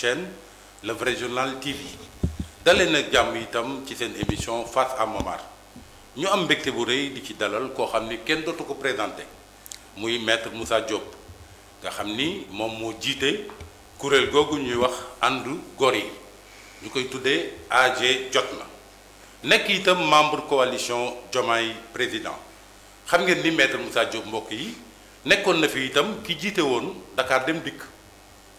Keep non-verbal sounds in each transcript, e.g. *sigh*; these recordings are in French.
chaîne Vrai Journal TV dalee nag jàmm itam ci seen émission face à Momar ñu am mbégte bu rëy di ci dalal koo xam ni kenn dootu ko présenté muy maître Moussa Diop nga xam ni moom moo jiite kuréel googu ñuy wax àndu gor yi ñu koy tuddee AG jot na itam membre coalition jomay président xam ngeen ni maître Moussa Diop mbokk yi nekkon na fi itam ki jité won Dakar Dem dik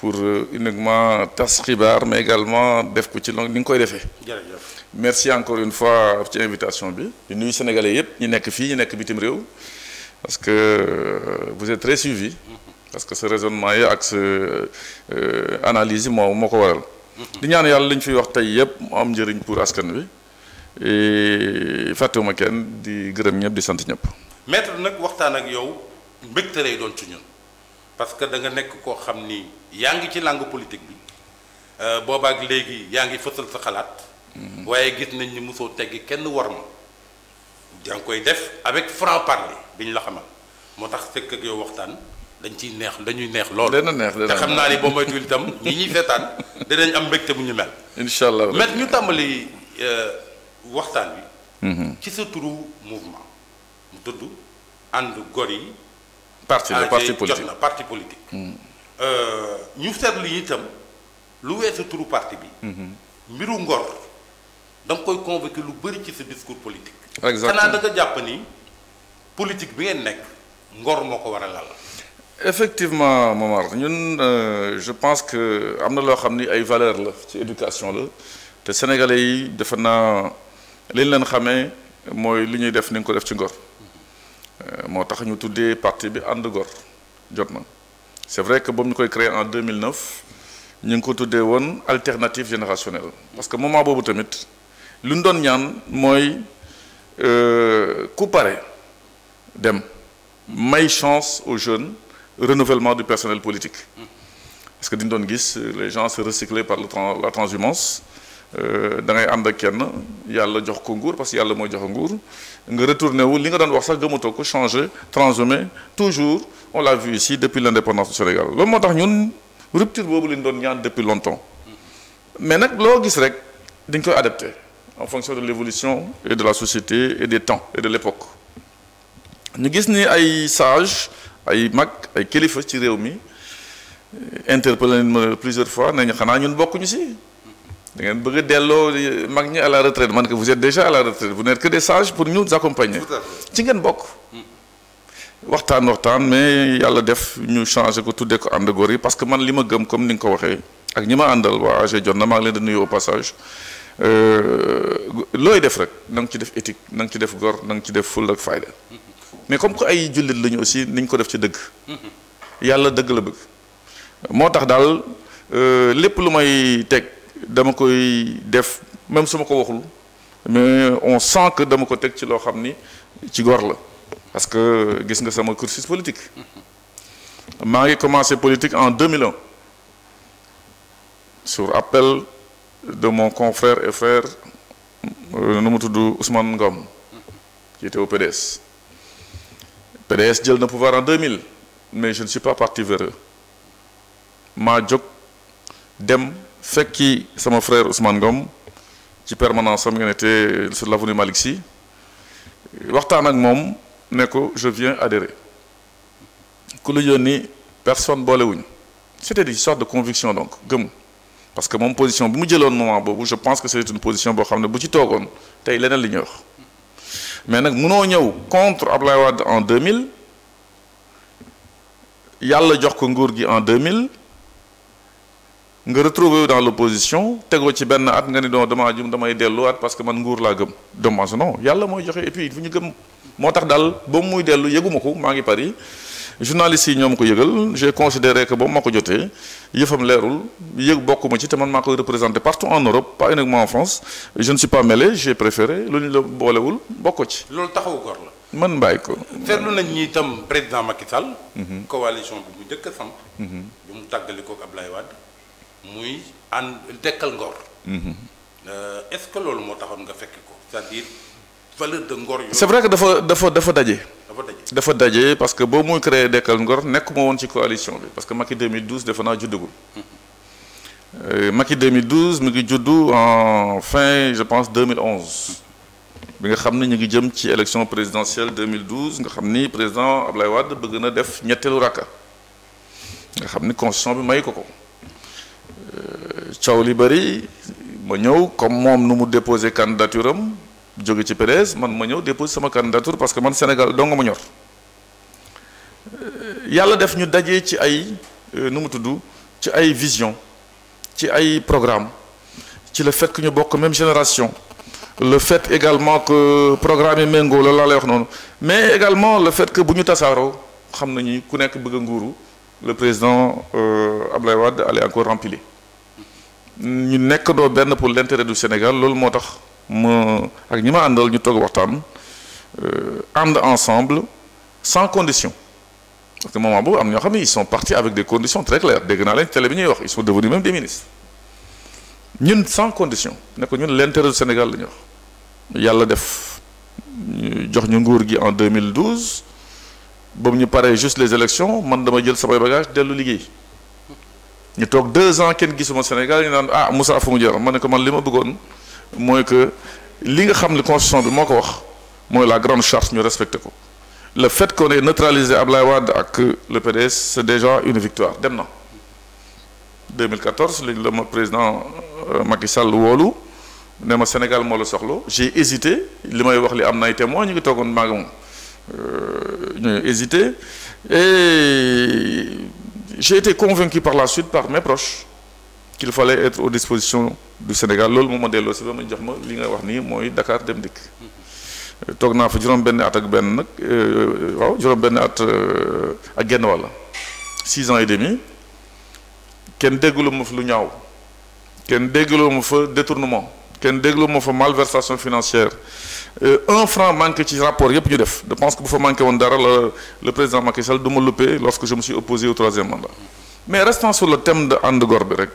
pour euh, uniquement tas mais également def ko ci ni merci encore une fois pour cette invitation Nous, di sénégalais nous sommes nekk nous sommes nekk bitim parce que euh, vous êtes très suivi. parce que ce raisonnement et ak sa euh, analyse yi moo moo ko waral. di ñaan yàlla que ñu fiy wax tey yëpp mu am pour askan wi et fàttewuma kenn di gërëm ñëpp di sant ñëpp. maître nag waxtaan ak yow mbégte lay doon ci parce que danga nekk koo xam ni yaa ngi ci langue politique bi euh, boobaak léegi yaa ngi fësal sa xalaat. Mm-hmm. waaye gis nañ ni mosoo teggi kenn war ma. yaa koy def avec franc parler bi ñu la xamal moo tax fekk ak yow waxtaan dañ ciy neex dañuy neex lool. dana te xam naa ni boo moytuwul itam ñi ñuy seetaan *laughs* am mbégte bu ñu mel. incha allah met ñu tàmbali euh, waxtaan wi mm-hmm. ci sa turu mouvement mu ànd gor yi. parti la parti politique jot na parti politique. ñu seetlu itam lu weesu turu parti bi. Mm-hmm. mbiru ngor da nga koy convoqué lu bëri ci ce discours politique. exactement xanaa da nga japp ni politique bi ngeen nek ngor moo wara lal. effectivement Momar ñun euh, je pense que amna lo xamni ay valeur la ci éducation la té sénégalais yi defe naa li ñu leen xamee mooy li ñuy def ni ko def ci ngor. Euh, moo tax ñu tuddee parti bi ànd gor jot na c'est vrai que boobu ñu koy créé en 2009 ñu ngi ko tuddee woon alternative générationnelle parce que moment boobu tamit lu ñu doon ñaan mooy euh, ku pare dem may chance aux jeunes renouvellement du personnel politique parce que dañu doon gis les gens se recycler par la transhumance euh, da ngay ànd ak kenn yàlla jox ko nguur parce que yàlla mooy joxe nguur nous retournons wu li nga doon wax sax gëmatoo ko changé transhumé toujours on l'a vu ici depuis l'indépendance du Sénégal loolu moo tax ñun rupture boobu lañ depuis longtemps mais nag loo gis rek dañ adapté en fonction de l'évolution et de la société et des temps et de l'époque ñu gis ni ay sage ay mag ay califes ci réew mi interpellé plusieurs fois nañu xanaa ñun bokkuñu si da ngeen bëgg delloo mag ñi à la retraite man que vous déjà à la retraite vous n'êtes que sage pour pour nous accompagner ci ngeen bokk waxtaan waxtaan mais yàlla def ñu changé ko tuddee ko ànd góor yi parce que man li ma gëm comme ni ko waxee ak ñi ma àndal waa AG na maa ngi leen di nuyu au passage euh, looy def rek na nga ci def éthique na nga ci def gor na nga ci def ful ak fayda mais comme que ay jullit lañu aussi niñ ko def ci dëgg yàlla dëgg la bëgg moo tax daal euh, lépp lu may teg dama def même su ko waxul mais on sent que dama ko côté ci lo xamni ci gor parce que c'est nga sama cursus politique maa ngi commencé politique en 2001 sur appel de mon confrère et frère euh, Ousmane Ngom qui était au PDS PDS jël le pouvoir en 2000 mais je ne suis pas parti vers eux dem c'est mon frère Ousmane Gom, qui permanence qui ngeen été sur l'avenue Malixi. Sy ak je viens adhérer Personne ne personne faire. c'était une sorte de conviction donc parce que mon position je pense que c'est une position qui est ne bu ci toogoon tey li ñuy wax mais nag munoo contre Abdoulaye en 2000 yàlla jox ko contre gi en 2000 nga retrouver dans l'opposition tego ci ben at nga ni doon damaa jum damay delluwaat parce que man nguur la gem dommage non yalla moy joxe et puis fu ñu gëm moo tax daal muy dellu yëguma ko maa ngi Paris journalistes yi ñoom ko yegal j'ai considéré que bo mako joté yefam lérul yeg yëg bokkuma ci te man mako représenter partout en Europe pas uniquement en France je ne suis pas mêlé j'ai préféré lu ñu la boolewul bokko ci lool taxaw gor la man bay ko. seetlu nañ ñi tam président Macky Sall. Mhm. coalition bu mu njëkk a samp. Mhm. bi mu tàggali ak Ablaye Wade muy ànd dekkal ngor. Mhm. Euh, est-ce que loolu mo taxone nga fekk ko c'est-à-dire valeur de ngor. c'est vrai que dafa dafa dafa dajé dafa dajé dafa daje parce que bo muy créer dekkal ngor nekuma won ci coalition bi parce que Macky 2012 defe naa juddagul. Euh, Macky 2012 mi ngi juddu en fin je pense 2011. bi nga xam ñi ngi jëm ci élection présidentielle 2012 nga xam président Ablaye Wade bëgg na def ñettelu rakka nga xam ni constitution bi may ko ko coow li bëri ma ñëw comme moom nu mu déposé candidature am ci PDS man ma sama candidature parce que man Sénégal dong ma ñor euh, Yalla def ñu dajé ci ay euh, nu mu tudd ci ay vision ci ay programme ci le fait que ñu bokk même génération le fait également que programme mengo méngoo la lay wax non mais également le fait que bu ñu tasaaroo xam nañu ku nekk bëgg nguuru le président euh, Ablaye Wade allait encore remplir ñu nekkandoo benn pour l'intérêt du Sénégal Nous moo tax ma ak ñi nous euh, ensemble sans condition parce que moment boobu ils sont partis avec des conditions très claires des ils sont devenus même des ministres ñun sans condition nous l'intérêt du Sénégal Il ñu a le def jox en 2012 Nous ñu paree juste les élections man dama jël samay bagage dellu liggéey y a deux ans kenn au Sénégal ñu dit « ah Moussa fu mu jar je ne ko man que ma bëggoon que li nga xam ne constitution bi moo wax la grande charte ñu respecte ko le fait qu'on ait neutralisé Ablaye Wad le PDS c'est déjà une victoire dem 2014 le président euh, Macky Sall woolu ne ma Sénégal moo la soxla j'ai hésité li may wax li am na ay témoins ñu ngi toogoon euh, ñu hésité et j'ai été convaincu par la suite par mes proches qu'il fallait être aux dispositions du Sénégal loolu moo ma delloo si ba ma jox ma li nga wax nii Dakar dem dikk euh, toog naa fa juróom-benn at ak benn euh, waaw at euh, ak six ans et demi kenn déggalu ma fa lu ñaaw kenn déggalu ma fa détournement kenn déggalu ma fa malversation financière euh, un franc manque ci rapport yëpp ñu def je pense que bu fa manqué won dara le président Macky Sall du loupé lorsque je me suis opposé au troisième mandat mais restant sur le thème de and gorbe rek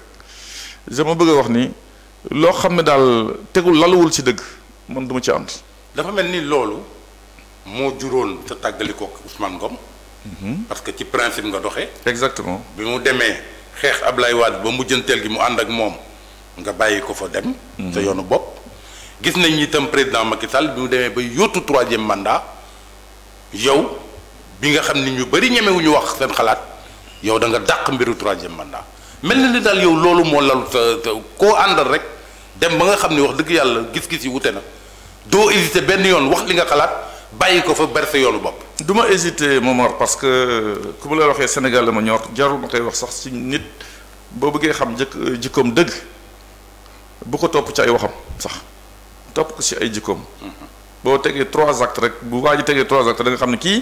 je ma bëgg wax ni lo xamné dal daal tegul laluwul ci dëgg man duma ci and dafa mel ni loolu moo juróon sa tàggalikoo Ousmane Ngom. Mhm. parce que ci principe nga doxé exactement bi mu démé xeex Ablaye Wade ba jëntel gi mu and ak mom nga bayiko ko fa dem. te mhm. yoonu bop gis nañ itam président Macky Sall bi mu demee ba yóotu troisième mandat yow bi nga xam ni ñu bëri ñemewuñu wax seen xalaat yow da nga dàq mbiru troisième mandat mel na ni daal yow loolu moo lalu sa koo àndal rek dem ba nga xam ni wax dëgg yàlla gis-gis yi wute na doo hésité benn yoon wax li nga xalaat bàyyi ko fa berse yoonu bopp duma ma hésité Momar parce que ku ma la waxee Sénégal la ma ñor jarul ma koy wax sax ci nit boo bëggee xam jëkk jikkoom dëgg bu ko topp ci ay waxam sax top ko ci ay jikkoom bo tege 3 actes rek bu waa tege 3 actes da nga xamni ki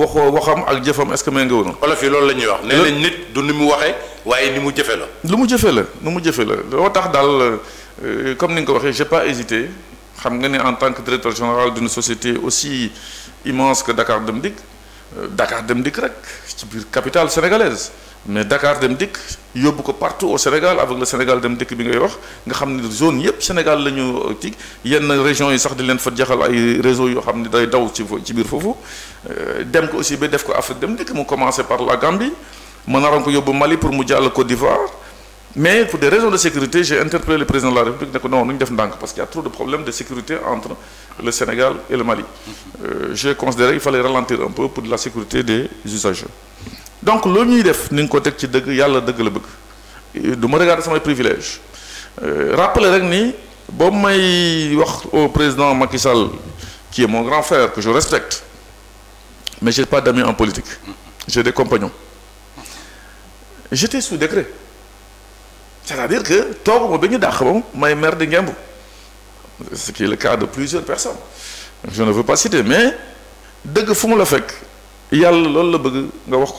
waxo waxam ak jëfam est-ce que may nga woon. olof yi loolu la wax. nee nañ nit du ni mu waxee waaye ni mu jëfe la. lu mu jëfe la lu mu jëfe la lo tax dal euh, comme ni nga ko j'ai pas hésité xam nga ni en tant que directeur général d'une société aussi immense que Dakar Demdik euh, Dakar Demdik rek ci biir capitale sénégalaise mais Dakar dem dik yóbbu ko partout au Sénégal avec le Sénégal dem dik bi ngay wax nga xamni zone yëpp Sénégal lañu ñu ci euh, yenn région yi sax di leen fa jaxal ay réseaux yo xamni day daw ci ci bir fofu euh, dem ko aussi be def ko Afrique dem dik mu commencer par la Gambie mon naroon ko yóbbu Mali pour mu jàll Côte d'Ivoire mais pour des raisons de sécurité j'ai interpellé le président de la République ne ko non nu def ndank parce qu'il y a trop de problèmes de sécurité entre le Sénégal et le Mali euh, j'ai considéré il fallait ralentir un peu pour la sécurité des usagers donc le ñuy def ni nga ko teg ci dëgg yàlla dëgg la bëgg regarder sur privilège euh, rappeler rek ni je may au président Macky Sall qui est mon grand frère que je respecte mais je n'ai pas d'amis en politique j'ai des compagnons j'étais sous décret c'est-à-dire que suis suis ba ma may maire de Gambou, ce qui est le cas de plusieurs personnes je ne veux pas citer mais il fu mu la fekk qui ont la bëgg nga wax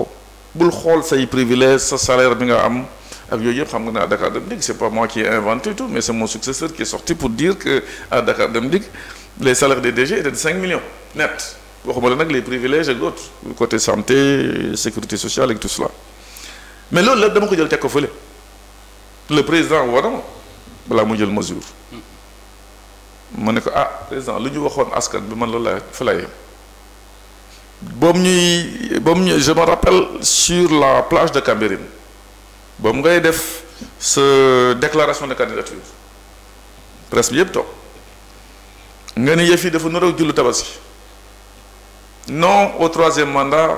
bul xol say privilège sa salaire bi nga am ak yooyu xam nga ne Dakar Dem c'est pas moi qui ai inventé tout mais c'est mon successeur qui est sorti pour dire que à Dakar Dem les salaires des DG étaient de 5 millions net waxuma la les privilèges et d'autres côté santé sécurité sociale et tout cela mais loolu la dama ko jël tek ko feulé le président waram bala mu jël mesure hmm. ma ko ah président luñu waxone askan bi man la fa boobu ñuy boobu ñuy je me rappelle sur la plage de Cambérine boobu ngay def sa déclaration de candidature presse bi yëpp toog nga ni yëf jullu tabaski non au troisième mandat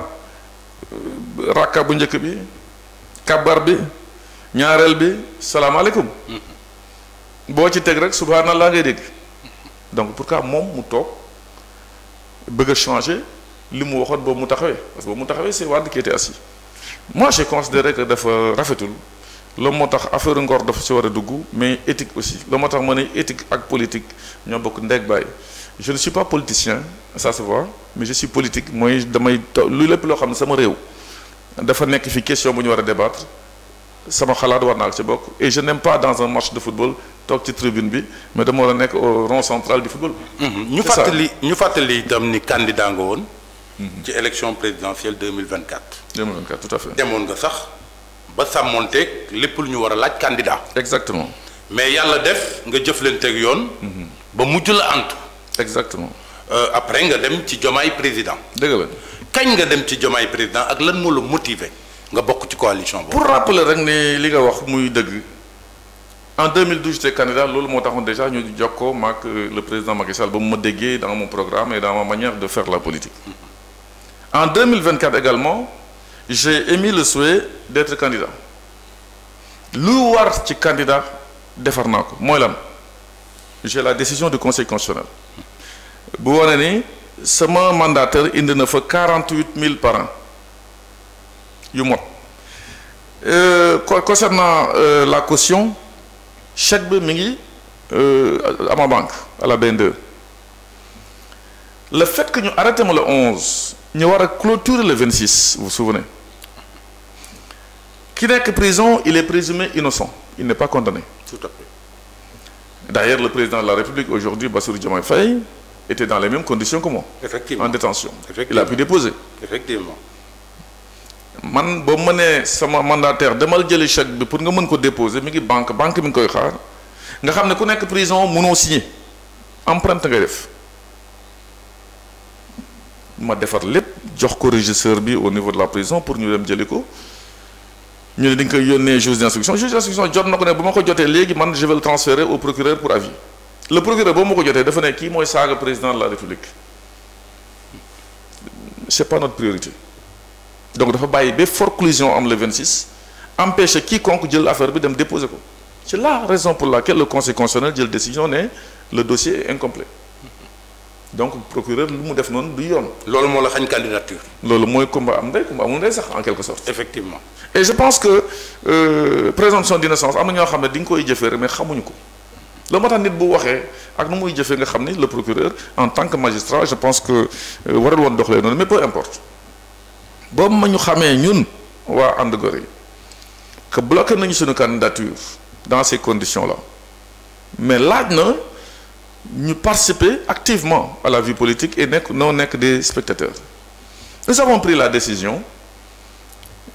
euh, raka bu njëkk bi kabar bi ñaareel bi salaamaaleykum boo ci teg rek subhanallah donc pourquoi moom mu toog bëgg changer li mu waxoon boobu mu taxawee parce que boobu mu taxawee c'est Wade qui était assis moi j'ai considéré que dafa rafetul le moo tax affaire ngor dafa si war a dugg mais éthique aussi le moo tax ma ne éthique ak politique ñoo bokk ndeg bàyyi je ne suis pas politicien ça se voit mais je suis politique mooy damay lu lépp loo xam ne sama réew dafa nekk fi question bu ñu war a débattre sama xalaat war naa ci bokk et je n'aime pas dans un match de football toog ci tribune bi mais dama war a nekk au rond central du football. Mhm. ñu fàttali ñu fàttali itam ni candidat nga woon. Mhm. ci élection présidentielle 2024. 2024 tout à fait. demoon nga sax ba sàmmonteeg lépp lu ñu war a candidat. exactement. mais yàlla def nga jëflanteeg yoon. Mhm. ba mujj la antu. exactement. Euh, après nga dem ci le président. d'accord Quand kañ nga dem ci président, président ak lan moo motivé motiver nga beaucoup ci coalition pour rappeler rek ne li nga wax muy en 2012 j'étais candidat je moo déjà dit que euh, le président Macky Sall ba mu ma dans mon programme et dans ma manière de faire la politique. Mhm. En 2024 également, j'ai émis le souhait d'être candidat. louard candidat de Farnac. moi j'ai la décision du conseil constitutionnel bu wane mandataire il ne faut 48 000 par an euh, concernant euh, la caution chaque euh, à ma banque à la BN2 le fait que nous arrêtons le 11 nous avons clôturé le 26 vous vous souvenez Qui n'est que prison il est présumé innocent il n'est pas condamné tout à fait d'ailleurs le président de la République aujourd'hui Bassirou Diomaye Faye était dans les mêmes conditions que moi effectivement en détention effectivement. il a pu déposer effectivement man bon, ma mandataire demal le chèque bi pour nga déposer mi ngi banque banque mi koy xaar nga ne prison mënoo signer Emprunte, ma defar lépp jox ko régisseur au niveau de la prison pour ñu dem jëliko ñu dañ koy yónnee juge d'instruction juge d'instruction jot nako né buma ko joté légui je vais le transférer au procureur pour avis le procureur boo ma ko que dafa né être moy président de la république Ce n'est pas notre priorité donc dafa bayyi bé forclusion am le 26 empêcher quiconque jël l'affaire bi dem déposer c'est la raison pour laquelle le conseil constitutionnel jël décision né le dossier incomplet donc procureur lu mu def noonu du yoon. loolu moo la candidature. loolu mooy combat am ndey combat amul ndey sax en quelque sorte. effectivement et je pense que euh, présomption d'innocence am na ñoo xam koy jëfee mais xamuñu ko loolu moo tax nit bu waxee ak nu muy jëfee nga xam le procureur en tant que magistrat je pense que euh, warul woon doxalee noonu mais peu importe boobu ma ñu xamee ñun waa ànd gore yi que bloqué nañu suñu candidature dans ces conditions là mais laaj na nous participer activement à la vie politique et non que des spectateurs. Nous avons pris la décision,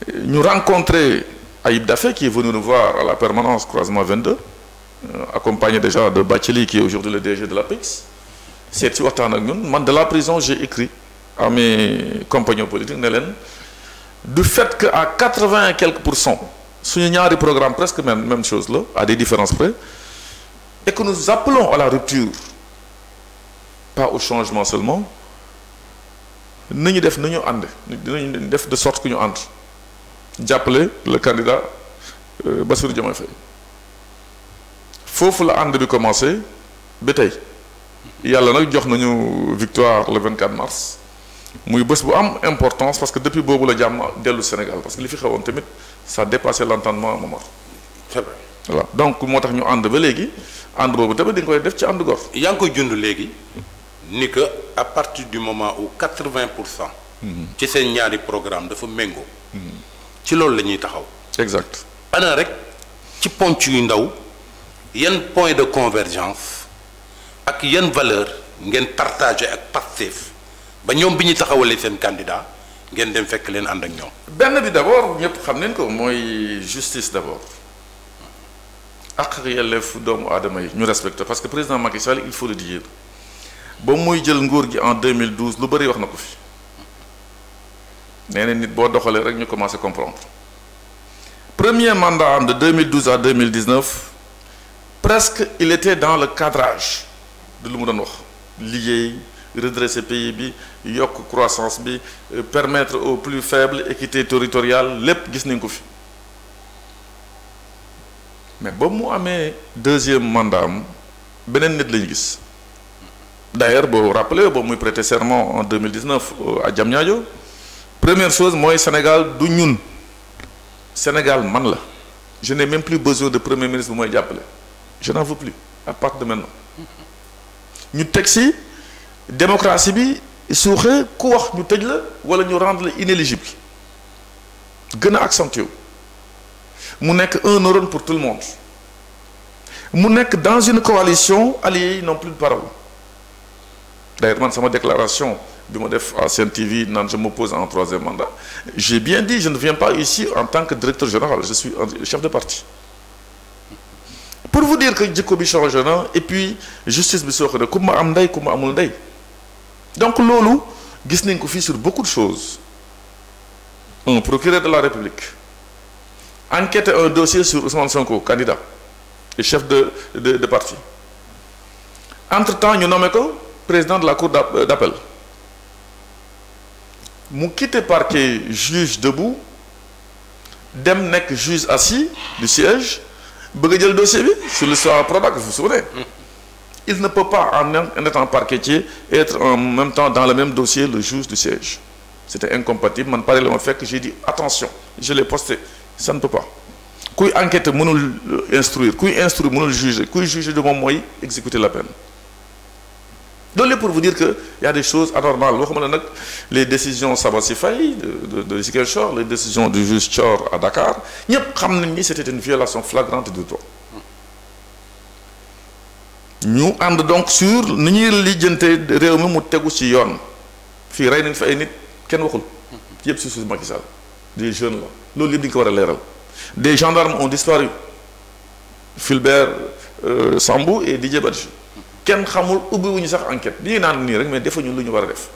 euh, nous rencontrer Aïb Dafé qui est venu nous voir à la permanence croisement 22, euh, accompagné déjà de Bacheli qui est aujourd'hui le DG de la PIX. C'est Moi, de la prison, j'ai écrit à mes compagnons politiques, Nélène, du fait qu'à 80 et quelques pourcents, sur des programmes, presque même, même chose là, à des différences près, et que nous appelons à la rupture pas au changement seulement nous devons nous ande. de sorte que ñu entre. jàppale le candidat euh, Bassirou Diomaye Faye foofu la ànd bi commencé ba tey yàlla nous jox nañu victoire le 24 mars muy y bu une importance parce que depuis le la jàmm le Sénégal parce que li fi été tamit ça dépassé l'entendement à bien voilà donc moo tax ñu ànd ba léegi ànd boobu tamit di nga koy def ci ànd gor. yaa ngi koy jund léegi ni que à partir du moment où 80 pour cent. Mhm. ci seen ñaari programme dafa méngoo. Mhm. ci loolu la ñuy taxaw. exact ana rek ci ponc yu ndaw yan point de convergence ak yan valeur ngeen partagé ak Pastef ba ñoom bi ñu taxawalee seen candidat ngeen dem fekk leen ànd ak ñoom. benn bi d' abord ñëpp xam nañ ko mooy justice d' abord parce que président Macky Sall il faut le dire si muy jël en 2012 lu bëri wax na ko fi nee nit comprendre premier mandat de 2012 à 2019 presque il était dans le cadrage de lu mu redresser wax redresser pays bi croissance bi euh, permettre aux plus faibles équité territoriale lépp gis mais ba moi, amee deuxième mandat benen nit lañu gis d'ailleurs je rappeler rappelle, muy prêté serment en 2019 euh, à Diamniadio première chose moi Sénégal du ñun Sénégal man la je n'ai même plus besoin de premier ministre pour may je n'en veux plus à part de maintenant ñu teg démocratie bi suuxee ko wax ñu la wala ñu rendre la inéligible gën accentué mu un neurone pour tout le monde mu pas dans une coalition alliés n'ont plus de parole d'ailleurs c'est ma déclaration de à CNTV, je m'oppose en troisième mandat j'ai bien dit je ne viens pas ici en tant que directeur général je suis chef de parti pour vous dire que je bi un et puis justice je suis un ku ma donc l'Olu je suis sur beaucoup de choses un procureur de la République Enquête un dossier sur Ousmane Sonko candidat et chef de parti entre-temps nous nommé président de la cour d'appel mu quitté parquet juge debout dem juge assis du siège bëgg le dossier bi le l'histoire Prodac vous vous souvenez il ne peut pas en étant parquetier être en même temps dans le même dossier le juge du siège c'était incompatible man pas le fait que j'ai dit attention je l'ai posté ça ne peut pas kuy enquêter mënul instruire kuy instruire mënul juger Qui juger de mon mooy exécuter la peine Donc, pour vous dire qu'il y a des choses anormales les décisions de Faye de de Chor, les décisions du juge Chor à Dakar ni c'était une violation flagrante du droit Nous sommes donc sur ni ñuy lijjante réew mi mu tegu ci yoon fii rey nañ fa ay nit kenn waxul des jeunes nous loolu yëpp dañu des gendarmes ont disparu filbert euh, Sambou et Didier Badji kenn xamul ubbiwuñu sax enquête dañuy naan nii rek mais defuñu lu ñu war a def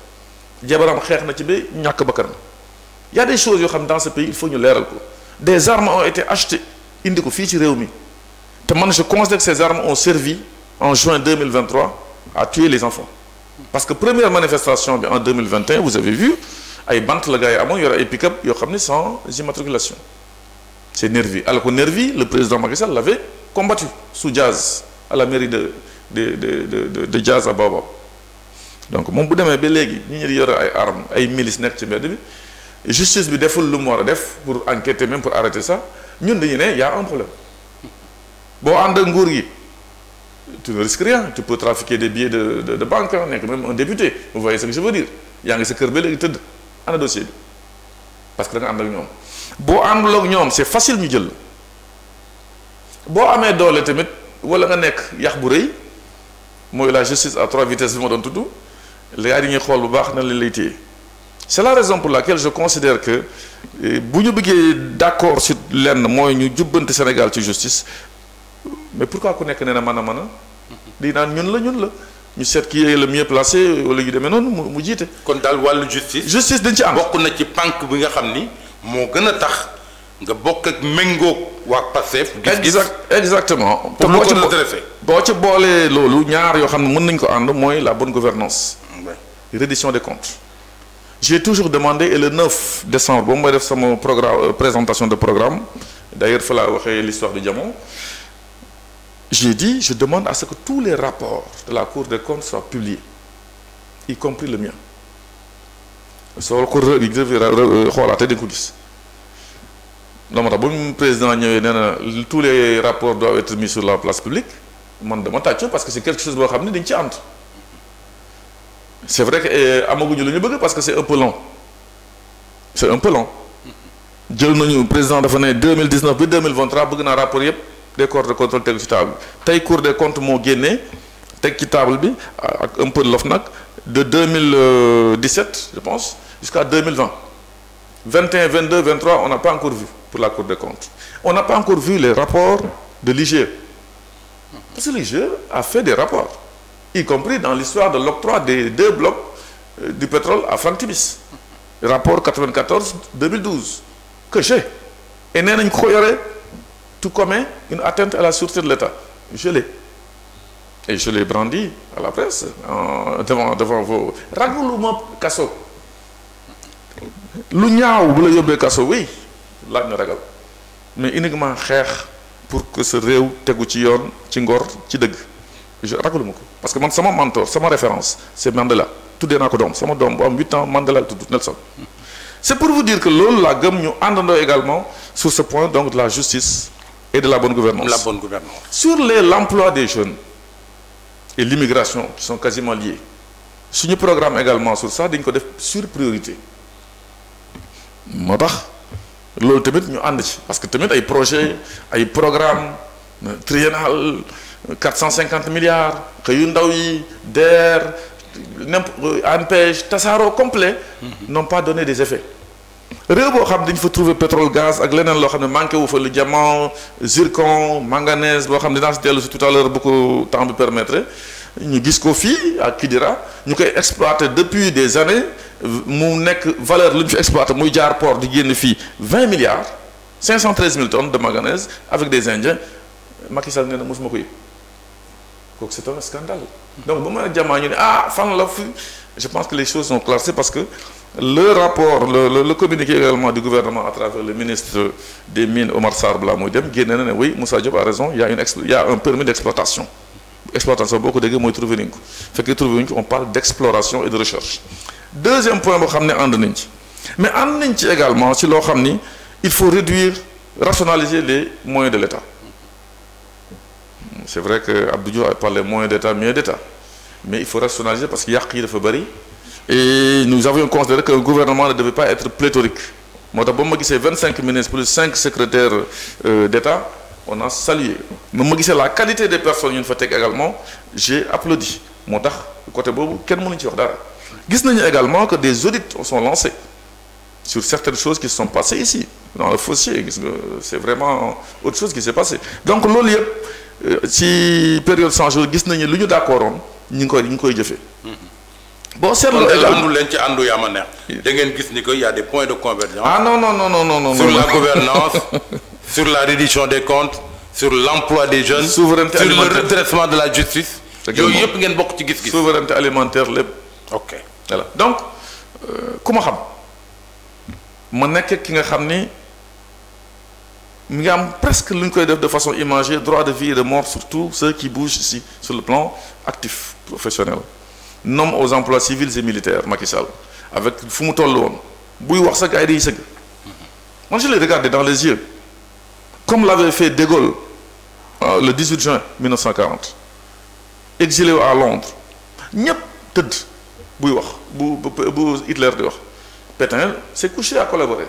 jabaram xeex na ci ba ñàkk bakkan y a des choses yoo xam dans ce pays il faut ñu leeral ko des armes ont été achetées indi ko fii ci réew mi te man je constate que ces armes ont servi en juin 2023 à tuer les enfants parce que première manifestation en 2021 vous avez vu ay y la gars yi amoon ay pick-up sans immatriculation c'est nervi alors que nervi le président Macky l'avait combattu sous jazz, à la mairie de de de de de Jazz à Baobab donc mon bu demee ba léegi ñi ngi ay armes ay milices nek ci mbedd bi justice bi deful lu mu def pour enquêter même pour arrêter ça ñun dañu il y a un problème Bon, and ak nguur gi tu ne risques rien tu peux trafiquer des billets de de de banque quand hein, même un député vous voyez ce que je veux dire y a un kër qui te dit ana dossier parce que da nga ànd ak ñoom boo àndul ak ñoom c'est facile ñu jël boo amee doole tamit wala nga nekk yax bu rëy mooy la justice à trois vitesses bi ma doon tudd gars yi ñuy xool bu baax na la lay téye c'est la raison pour laquelle je considère que eh, bu ñu bëggee d'accord sur lenn mooy ñu jubbante Sénégal ci justice mais pourquoi ku nekk nee na mën a mën di naan ñun la ñun la Monsieur qui qui est le mieux placé au lieu maintenant nous vous dites quand kon daal la justice. justice dañ ci am bokk na ci pànk bi nga xam ni moo tax nga ak exactement. te boo ci boo ci boolee loolu ñaar la bonne gouvernance reddition des comptes. j'ai toujours demandé et le 9 décembre je vais def sama programme euh, présentation de programme d'ailleurs il faut l'histoire du diamant j'ai dit, je demande à ce que tous les rapports de la Cour des comptes soient publiés, y compris le mien. Euh, euh, euh, tous les rapports doivent être mis sur la place publique. parce que c'est quelque chose qui entre. C'est vrai qu'à que parce que c'est un peu long. C'est un peu long. Je Le président de 2019 et 2023 rapport des corps de contrôle tegu ci cour des comptes mon guéné table bi un peu de l'OFNAC de 2017 euh, je pense jusqu'à 2020 21 22 23 on n'a pas encore vu pour la cour des comptes on n'a pas encore vu les rapports de l'IGE parce que l'IGE a fait des rapports y compris dans l'histoire de l'octroi des deux blocs euh, du pétrole à Franck Timis rapport 94 2012 que j'ai et tout comme une atteinte à la sûreté de l'État. Je l'ai. Et je l'ai brandi à la presse, devant, devant vos... Ragoulou Kasso. lu ñaaw bu la oui mais uniquement cher pour que ce réu, tegu ci yoon parce que mon mon mentor ma référence c'est Mandela tout d'un ko c'est sama mon ans Mandela tout Nelson c'est pour vous dire que l'Olla la gëm ñu également sur ce point donc de la justice et de la bonne gouvernance. La bonne Sur l'emploi des jeunes et l'immigration, qui sont quasiment liés, sur le programme également sur ça, nous avons sur priorité. Parce que nous avons projets, des programmes triennal 450 milliards, Kayundawi, DER, ANPEJ, Tassaro complet, mm-hmm. n'ont pas donné des effets réew boo xam dañ fa trouver pétrole gaz ak leneen loo xam ne manqué wu fa le diamant zircon manganèse boo xam ne dinaa si tout à l'heure bu ko temps bi permettre ñu gis ko fii ak Kidira ñu koy exploiter depuis des années mu nekk valeur lu ñu fi exploiter muy jaar port di génn fii 20 milliards 513 000 tonnes de manganèse avec des ingénieurs, Macky Sall nee na mosuma ko yëg kooku c'est un scandale donc ba mën jamaa ñu ne ah fan la fi je pense que les choses sont classées parce que le rapport, le, communiqué également du gouvernement à travers le ministre des Mines, Omar Sarr Blamoudem, oui, Moussa Diop a raison, il y a, un permis d'exploitation. Exploitation, beaucoup de gens ont trouvé on parle d'exploration et de recherche. Deuxième point, mais en également, il faut réduire, rationaliser les moyens de l'État. C'est vrai que Abdou a parlé moyens d'État, d'État. Mais il faut rationaliser parce qu'il y a qui de et nous avions considéré que le gouvernement ne devait pas être pléthorique. Moi, d'abord, je 25 ministres plus 5 secrétaires euh, d'État. On a salué. Mais moi, la qualité des personnes, une fois également, j'ai applaudi. Moi, côté bobo, quel monde Nous également que des audits sont lancés sur certaines choses qui se sont passées ici, dans le fossé. C'est vraiment autre chose qui s'est passée. Donc, l'OLIEP, si euh, période sans jour, nous sommes d'accord, nous avons fait bon y a des points de convergence. Ah, sur la gouvernance *laughs* sur la reddition des comptes sur l'emploi des jeunes. sur le redressement de la justice. sur ngeen souveraineté alimentaire ok donc comment euh, xam ma nekk ki nga presque l'un de façon imagée droit de vie et de mort surtout ceux qui bougent ici sur le plan actif professionnel nom aux emplois civils et militaires Macky Sall avec Fumuton je l'ai regardé dans les yeux comme l'avait fait De Gaulle euh, le 18 juin 1940 exilé à Londres Hitler di Pétain s'est couché à collaborer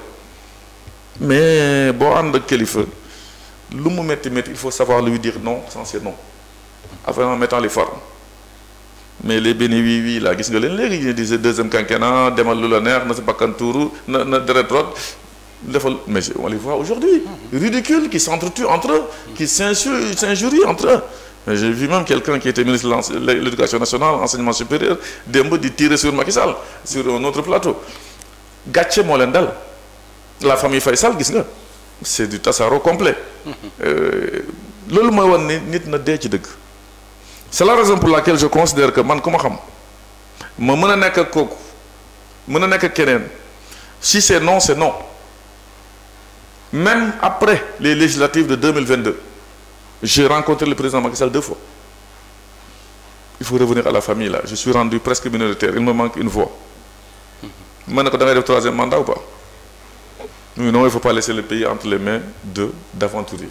mais bon, il faut savoir lui dire non sans ses non avant en mettant les formes mais les béni ils qui sont les nga disent deuxième quinquennat des le la neex na sa mais on les voit aujourd'hui Ridicule, qui s'entretuent entre eux qui s'injurient entre eux j'ai vu même quelqu'un qui était ministre de l'éducation nationale enseignement supérieur démb di tirer sur Macky sur un autre plateau Gâché Molendal, la famille Faisal, c'est du tasaro complet euh, loolu mooy wan nit na c'est la raison pour laquelle je considère que man si c'est non c'est non même après les législatives de 2022 j'ai rencontré le président Macky deux fois il faut revenir à la famille là je suis rendu presque minoritaire il me manque une voix Je ne troisième mandat ou pas non il faut pas laisser le pays entre les mains de d'aventuriers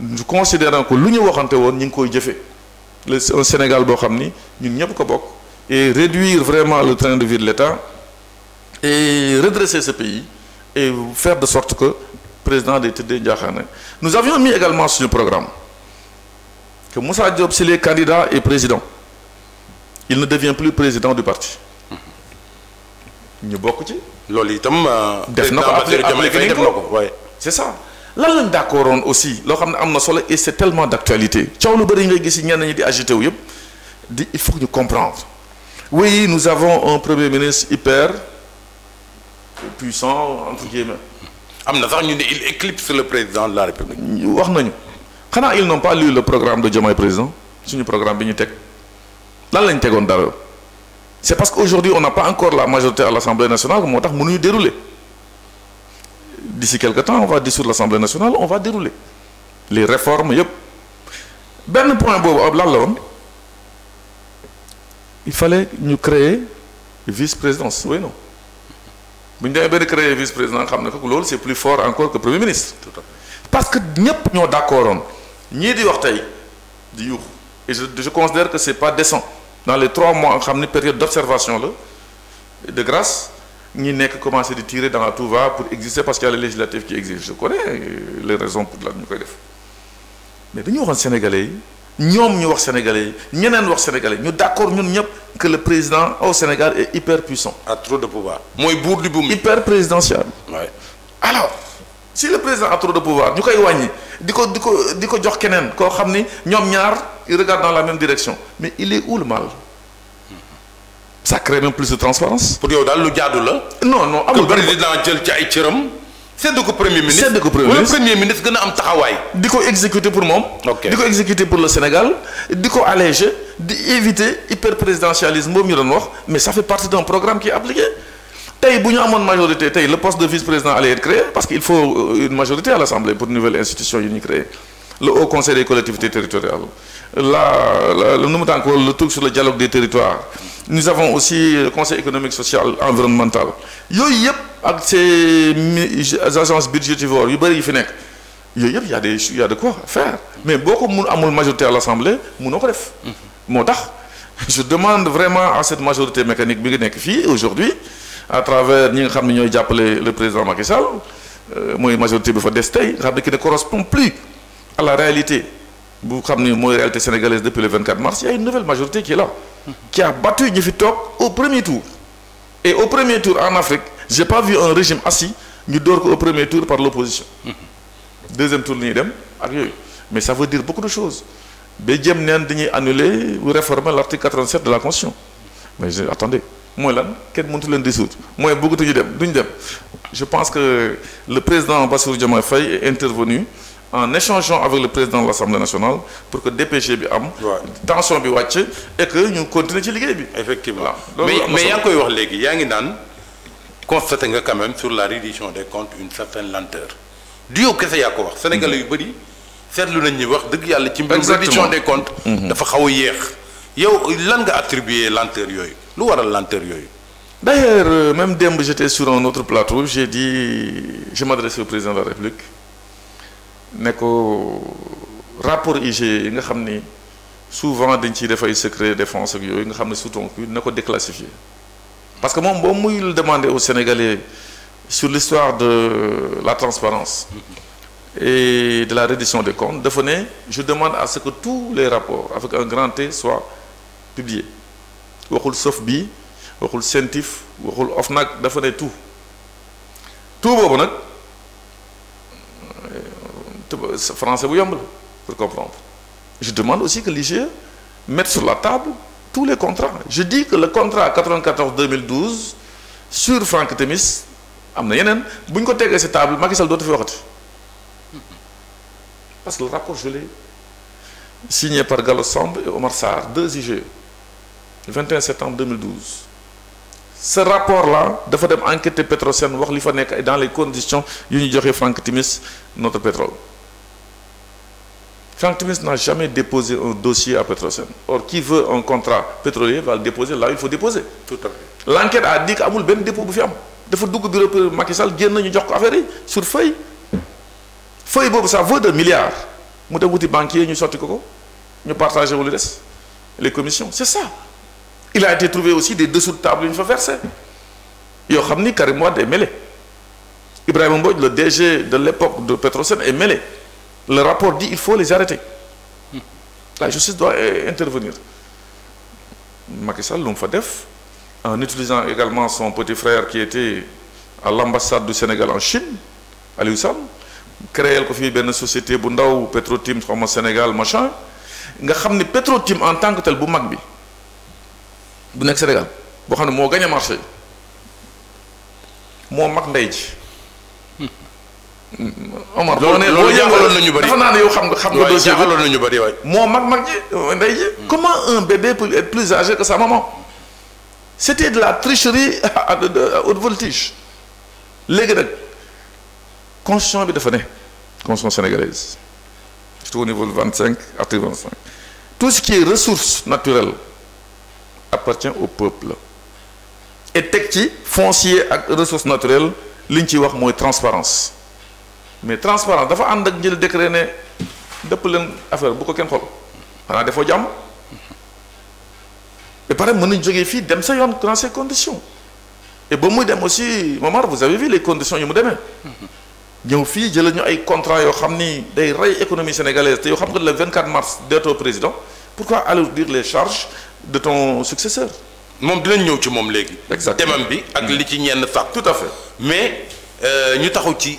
nous considérons que l'Union ñu waxante le Sénégal bo xamni et réduire vraiment le train de vie de l'État et redresser ce pays et faire de sorte que le président de nous avions mis également sur le programme que Moussa Diop c'est est candidat et président il ne devient plus président du parti euh, nous avons c'est ça lan lañ d'accord on aussi et c'est tellement d'actualité ñi di il faut que comprendre oui nous avons un premier ministre hyper puissant entre guillemets. il éclipse le président de la république. wax nañu ils n'ont pas lu le programme de Diomaye président suñu programme bi ñu tek lan lañ dara c'est parce qu'aujourd'hui on n'a pas encore la majorité à l'Assemblée nationale motax tax ñu dérouler d'ici quelques temps on va dissoudre l'Assemblée nationale on va dérouler les réformes yep. point il fallait nous créer vice-présidence oui non Si on vice-président c'est plus fort encore que premier ministre parce que nous sommes d'accord nous sommes di et je considère que ce n'est pas décent dans les trois mois nous période d'observation de grâce ni nek pas commencer de tirer dans la tout va pour exister parce qu'il y a les législatif qui existe. Je connais euh, les raisons pour la nous avons Mais nous sommes Sénégalais, nous sommes Sénégalais, nous sommes Sénégalais, nous sommes d'accord que le président au Sénégal est hyper puissant. A trop de pouvoir. Moi, du Hyper présidentiel. Ouais. Alors, si le président a trop de pouvoir, nous sommes éloignés. Diko, diko, diko, diko, diko, diko, nous regarde dans la même direction. Mais il est où le mal ça crée même plus de transparence pour yo le lu la. non non amul président jël ci ay c'est sedd premier ministre le premier ministre premier ministre gën a am taxaway. Diko exécuter pour mom. ok di exécuté exécuter pour le Sénégal diko alléger di éviter hyper présidentialisme boobu ñu wax mais ça fait partie d'un programme qui est appliqué. Tay buñu amone majorité tay le poste de vice-président allait être créé parce qu'il faut euh, une majorité à l'Assemblée pour une nouvelle institution unique. créée. le Haut Conseil des collectivités territoriales la, la, le, encore, le truc sur le dialogue des territoires. Nous avons aussi le euh, Conseil économique, social, environnemental. Yoyep, ces agences budgétivores, il y a des il y a de quoi faire. Mais beaucoup de gens majorité à l'Assemblée, ils ref pas Je demande vraiment à cette majorité mécanique aujourd'hui, à travers le président Macky Sall, euh, moi, majorité de qui ne correspond plus à la réalité vous savez, la réalité sénégalaise depuis le 24 mars, il y a une nouvelle majorité qui est là, qui a battu Gifitok au premier tour. Et au premier tour en Afrique, je n'ai pas vu un régime assis, nous dort au premier tour par l'opposition. Deuxième tour, mais ça veut dire beaucoup de choses. Bédiam n'est annulé ou réformé l'article 87 de la Constitution. Mais attendez, moi là, quel le dissoudre Moi, beaucoup de Je pense que le président Bassour Diomaye Faye est intervenu en échangeant avec le président de l'Assemblée nationale pour que DPG bi am. tension bi et que nous continuions ci liggéey effectivement mais mais y a koy wax qui yaa ngi constaté quand même sur la rédition des comptes une certaine lenteur. Dieu que c'est qu'il y wax. Sénégalais yu bëri seetlu nañ ñi wax rédition ci mbirum des comptes. Mhm. dafa xaw a yéex. yow lan nga attribuer lenteur l'antérieur. lu waral lenteur d'ailleurs euh, même que j'étais sur un autre plateau j'ai dit je m'adressais au président de la République ne ko rapport IG yi nga souvent dañ ciy def ay secret défense ak yooyu nga xam surtout parce que moom boo muyul demander aux Sénégalais sur l'histoire de la transparence et de la reddition des comptes dafa je demande à ce que tous les rapports avec un grand T soient publiés waxul SOF bi waxul CENTIF waxul OFNAC dafa ne tout tout boobu nag français pour comprendre je demande aussi que l'IG mette sur la table tous les contrats je dis que le contrat 94 2012 sur Franck Témis il na yeneen ko tégué ci table Macky Sall dootu fi parce que le rapport je l'ai signé par Gallo et Omar Sarr deux IG e, le 21 septembre 2012 ce rapport là il faut enquêter Petrosen wax dans les conditions de Franck Timis notre pétrole Frank Franck n'a jamais déposé un dossier à Petrosen. Or, qui veut un contrat pétrolier va le déposer là il faut déposer. Tout à fait. L'enquête a dit qu'il n'y a pas de dépôt. Il faut que le bureau Macky Sall vienne nous faire affaire sur feuille. Feuille, ça vaut 2 milliards. Nous avons des banquiers, nous sortons coco. Nous partageons le reste. Les commissions, c'est ça. Il a été trouvé aussi des dessous de table, une fois versé. Il y a Karim Wade est mêlé. Ibrahim Mboy, le DG de l'époque de Petrosen, est mêlé. Le rapport dit qu'il faut les arrêter. La justice doit euh, intervenir. Macky Sall Lumfadef, en utilisant également son petit frère qui était à l'ambassade du Sénégal en Chine, à le créer une société Bundaou, Petrotim, comme Sénégal, machin. nga xam le petro team en tant que tel bu mag bi bu Sénégal boo gagné marché Mo mag comment un bébé peut être plus âgé que sa maman c'était de la tricherie *laughs* à haute voltige léegi nag constitution bi dafa ne constitution sénégalaise au niveau 25 article 25 tout ce qui est ressources naturelles appartient au peuple et teg ci foncier ak ressources naturelles liñ et transparence mais transparent dafa and ak jël décret ne dëpp leen affaire bu ko kenn xol wala defoo jam et pare mën nañ jógee fii dem sa yoon dans ces conditions et ba muy dem aussi Momar vous avez vu les conditions yu mu demee ñëw fii jëla ñu ay contrat yo xamni day ray économie sénégalaise te yo xam le 24 mars au président pourquoi dire les charges de ton successeur mom dinañ ñëw ci moom léegi demam bi ak li ci ñenn tout à fait mais euh, ñu taxaw ci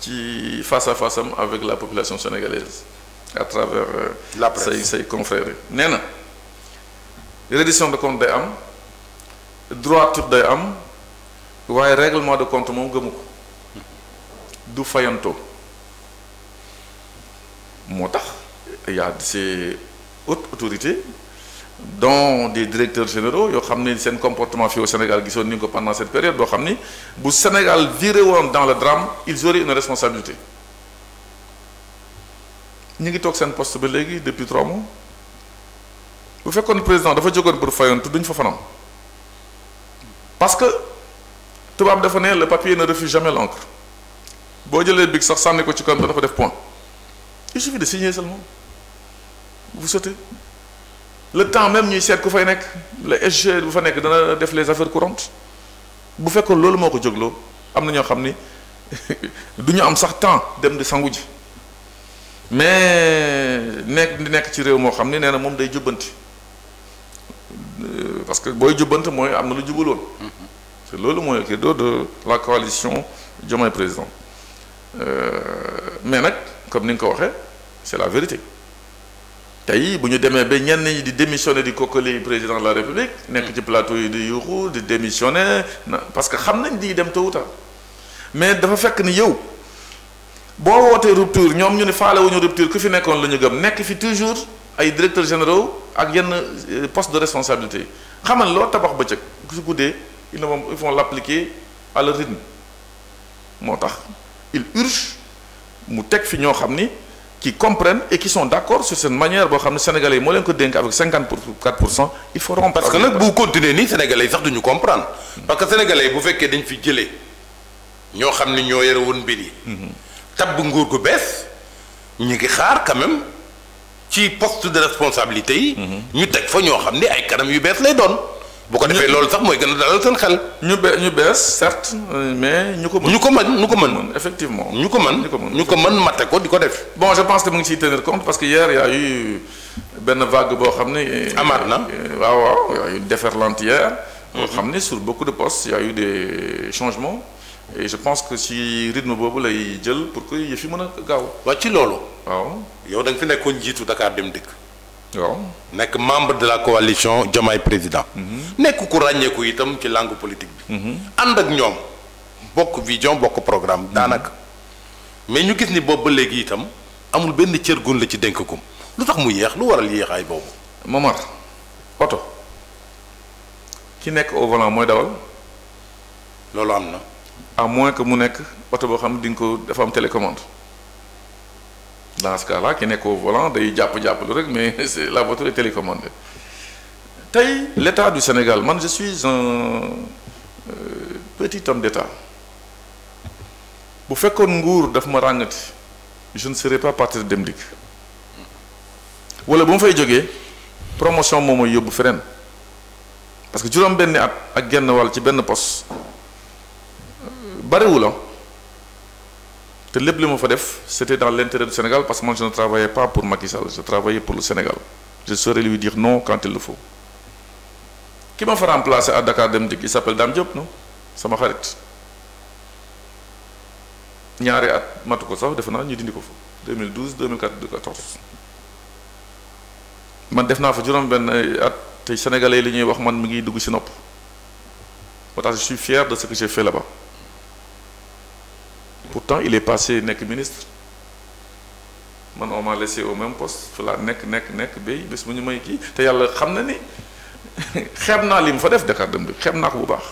qui face à face avec la population sénégalaise à travers euh, la confrères Nena, na de compte des am droit des am règlement de compte mon du Fayanto mota Il y a ces hautes autorités dont des directeurs généraux ils ont un comportement au Sénégal pendant cette période si le Sénégal viré dans le drame ils auraient une responsabilité Nous ngi un poste ba depuis trois mois bu le président dafa président, pour Tout duñ fa Président parce que le papier ne refuse jamais l'encre Si vous big sax sànni ko ci kawam dana point il suffit de signer seulement vous souhaitez le temps même ñuy sét ku fay nek le SG bu fa nekk dana def les affaires courantes bu fekk lolu moko joglo amna am ñoo *laughs* am sax temps dem de sangouji mais nekk di nek ci réew mo xamni néna mom na day jubbanti euh, parce que boy jubbante moy am na jubul won woon lolu moy do de la coalition jomay président euh, mais nak comme ni c'est la vérité tey bu ñu demee ba ñenn ñi di démissionner di kokkali président de la république nekk ci plateau yi di yuuxu di démissionner parce que xam nañ di dem tawuta mais dafa fekk ni yow boo wootee rupture ñoom ñu ne faale wuñu rupture ku fi nekkoon la ñu gëm nekk fi toujours ay directeur général ak yenn euh, poste de responsabilité xamal loo tabax bëccëg su guddee ils vont ils vont l'appliquer à leur rythme moo il urge mu teg fi ñoo xam qui comprennent et qui sont d'accord sur cette manière boo xam ne sénégalais yi que avec 54 pour cent il faut rompre parce que nag bu continuer les sénégalais ils sax duñu comprendre parce que sénégalais vous bu fekkee dañ fi jëlee ñoo xam ne ñoo yore woon mbir yi mhm. tabb nguur gu bees ñu ngi xaar quand même ci poste de responsabilité yi mhm. ñu teg fa ñoo xam ne ay kanam yu bu ko defee loolu sax moy gën dalal sen xel. ñu ñu bees certes mais ñu ko ñu ko man ñu ko man effectivement. ñu ko man ñu ko man maté ko diko def. bon je pense que mo ngi ci tenir compte parce que hier y a eu benne vague bo xamné amar na euh, waaw waaw y a eu déferlante hier. Mhm. boo xam sur beaucoup de postes y a eu des changements. et je pense que si rythme bobu lay jël pour que yefi mëna mën a gaaw. waaw ci loolu. waaw yow da nga fi nekkoon njiitu Dakar dem dëkk. waaw nekk membre de la coalition Diomaye président. Mhm. nekk ku ràññeeku itam ci langue politique bi. Mhm. ànd ak ñoom bokk vision bokk programme mhm. daanak mais ñu gis ni boobu ba léegi itam amul benn cër gun la ci dénk ko lu tax mu yéex lu waral yéexaay boobu. Momar oto ki nekk au volant mooy dawal. loolu am na. à moins que mu nekk oto boo xam ne di nga ko dafa am télécommande. dans ce cas là qui n'est qu'au volant day jàpp-jàppalu rek mais *laughs* c'est la voiture est télécommandée Taï, l'état du Sénégal moi, je suis un euh, petit homme d'état bu faites qu'on daf ma ràngati je ne serai pas parti dem Vous wala bu ma fay jógee promotion moo mon yobu feneen parce que je suis un ak qui a ci benn poste euh, bariwula ah c'était dans l'intérêt du Sénégal parce que moi je ne travaillais pas pour Macky Sall je travaillais pour le Sénégal je saurais lui dire non quand il le faut qui ma fait remplacer à Dakar il s'appelle Dam Diop non Ça m'a ñaari at matu sax 2012 2014 2014 man def fa sénégalais je suis fier de ce que j'ai fait là-bas pourtant il est passé nek ministre man on m'a laissé au même poste Je la nek nek nec, béy bés bu ñu may kii te yàlla xam ni *laughs* xeeb li fa def Dakar Dem Dikk ko bu baax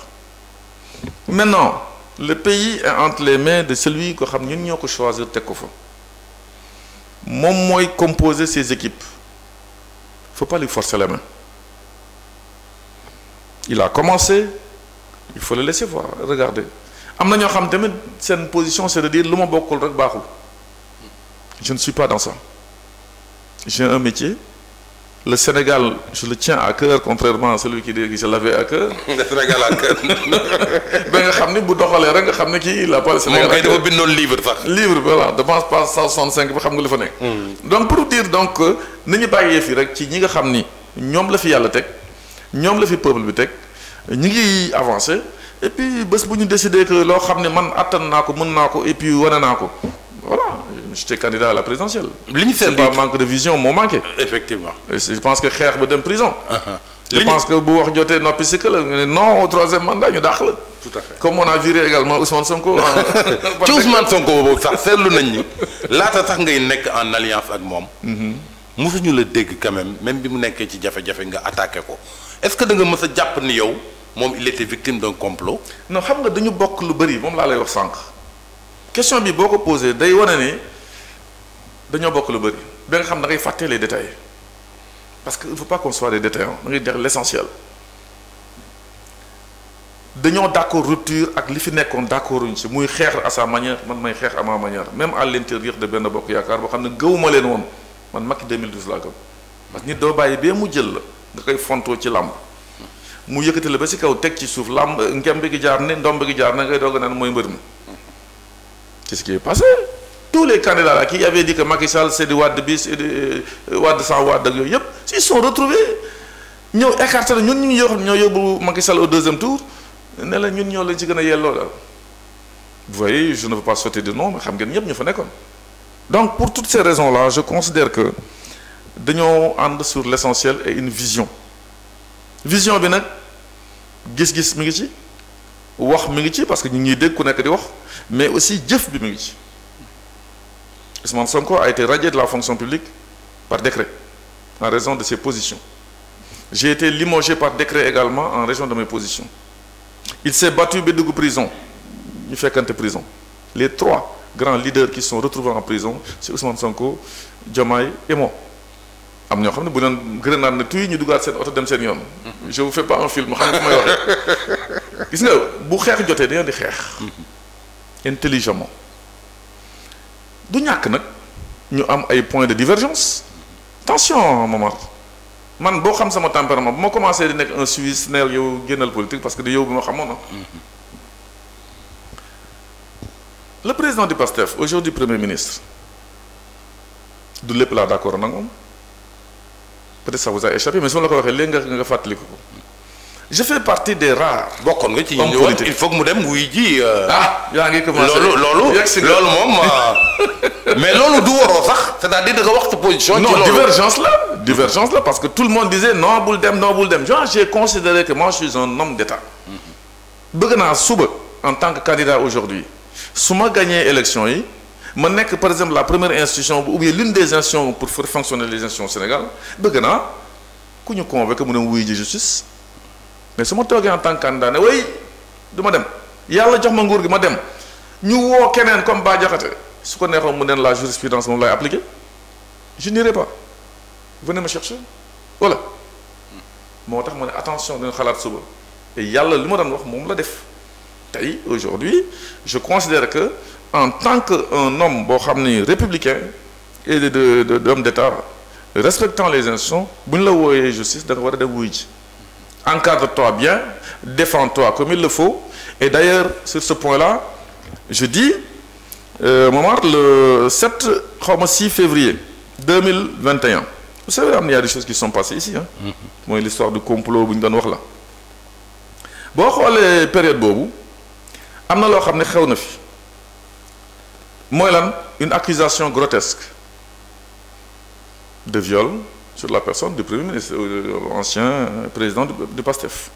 maintenant le pays est entre les mains de celui ko xam ñun ñoo choisir teg ko fa composer ses équipes faut pas lui forcer la main il a commencé il faut le laisser voir regardez am na ñoo xam tamit position c'est de dire le mot bokkul rek barou je ne suis pas dans ça j'ai un métier le Sénégal je le tiens à cœur contrairement à celui qui dit que je l'avais à cœur. *laughs* le Sénégal à cœur. *laughs* ba nga xam ni bu doxalee rek nga xam ne il a pas le Sénégal. dafa bindoon livre sax. livre voilà dépense pas 65 ba xam nga li hmm. donc pour dire donc ni ñu bàyyee fi rek ci ñi nga ni ñoom la fi yàlla teg ñoom la fi peuple bi ni ñi avancé et puis bés bu ñu décidé que lo xamné man attan ko mën naa et puis wane naa ko voilà j'étais candidat à la présidentielle. li ñu pas manque de vision moo manqué. effectivement je pense que xex ba dem prison. Ah ah. je pense que bu wax jotee nopi ce que la non au troisième mandat ñu dakh la. tout à fait comme on a viré également Ousmane Sonko. Hein. *laughs* ci Ousmane Sonko sax seetlu nañ ni laata tax ngay nekk en alliance ak moom. Mhm. mosuñu la dégg quand même même bi mu nekké ci jafé jafé nga attaquer ko est-ce que da nga mësa japp ni yow mom il était victime d'un complot non xam nga dañu bokk lu bari mom la lay wax sank question bi boko poser day wone ni dañu bokk lu bari ba nga xam da ngay fàtte les détails parce que il faut pas qu'on soit des détails. On ngay dire l'essentiel dañoo d'accord rupture ak li fi nekkoon d'accorduñ ci muy xeex à sa manière man may xeex à ma manière même à l'intérieur de ben bokk yakar bo xam ne gëwuma leen woon man Macky 2012 la gëm parce nit do baye be mu jël la nga koy fonto ci lamb mu yëkkati la ba ci kaw teg ci suuf lamb euh, ngemb gi jaar ne ndomb gi jaar na ngay doog a naan mooy mbër qu'est-ce qui est passé tous les candidats là qui avaient dit que Macky Sall c'est du Wade bis c'est du euh, Wade sans Wade ak yooyu yëpp ils sont retrouvés ñëw écarté la ñun ñu ngi yoo xam ñoo yóbbu Macky Sall au deuxième tour ne la ñun ñoo leen ci gën a yelloo daal vous voyez je ne veux pas sauter de nom mais xam ngeen ñëpp ñu fa nekkoon donc pour toutes ces raisons là je considère que dañoo ànd sur l'essentiel et une vision vision bi nag gis-gis mi ngi ci wax ci parce que ñu ngi dégg ku mais aussi Jeff bi Ousmane Sonko a été radié de la fonction publique par décret en raison de ses positions j'ai été limogé par décret également en raison de mes positions il s'est battu prison, prison. prison fait fekkante prison les trois grands leaders qui sont retrouvés en prison c'est Ousmane Sonko Djamaï et moi am ñoo xam ne bu doon gën a naan ne tuy ñu duggaat seen oto dem seen yoon. je vous fais pas un film xam nga fu may waxee. gis nga bu xeex jotee da ngeen di xeex. intelligemment du ñàkk nag ñu am ay points de divergence tension Momar man boo xam sama tempérament bu ma commencé di nekk un Suisse neel yow politique parce que di yow bi ma xamoon na ah. le président du PASTEF aujourd'hui premier ministre du lépp d'accord nag peut-être ça vous a échappé mais su ma la ko je fais partie des rares. nga ci il faut que vous dem wuy ji. Euh, ah yaa ngi euh, *laughs* mais lolo, du waroo sax. c'est-à-dire da nga wax position. non divergence là. divergence là parce que tout le monde disait non bouldem, dem non bouldem. dem j'ai considéré que moi je suis un homme d'État. Mhm. bëgg soube en tant que candidat aujourd'hui su ma gagné l'élection je suis par exemple la première institution ou bien l'une des institutions pour faire fonctionner les institutions au Sénégal bëgg naa ku ñu veut mu nous de justice mais ce ma toogee en tant que candidat oui, way du ma dem yàlla jox ma nguur gi ma dem ñu woo keneen comme Bah Diakhaté su ko mu la jurisprudence moom lay appliquée. je n'irai pas venez me chercher voilà moo mon ma attention dina xalaat suba et yàlla li ma doon wax moom la def aujourd'hui je considère que en tant qu'un homme républicain et de de d'État respectant les institutions bu ñu la justice da nga de encadre-toi bien défends-toi comme il le faut et d'ailleurs sur ce point-là je dis euh, le 7 6 février 2021 vous savez il y a des choses qui sont passées ici hein. Bon, mm-hmm. l'histoire du complot bu ñu wax la boo xoolee période boobu am na loo xam moi, lan une accusation grotesque de viol sur la personne du premier ministre euh, euh, ancien président de PASTEF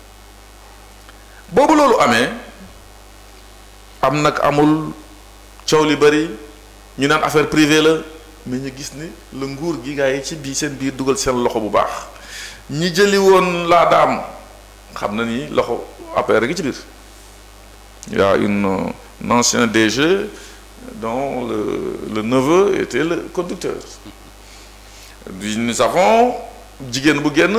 Bobololo, loolu Amnak amul coow li ñu affaire privée la mais ñu gis ni la nguur gi gars yi ci biir seen biir dugal seen loxo bu baax ñi jëli xam na ni loxo gi ci y a une euh, ancien DG dont le, le neveu était le conducteur. Nous savons, Djigen Bougen,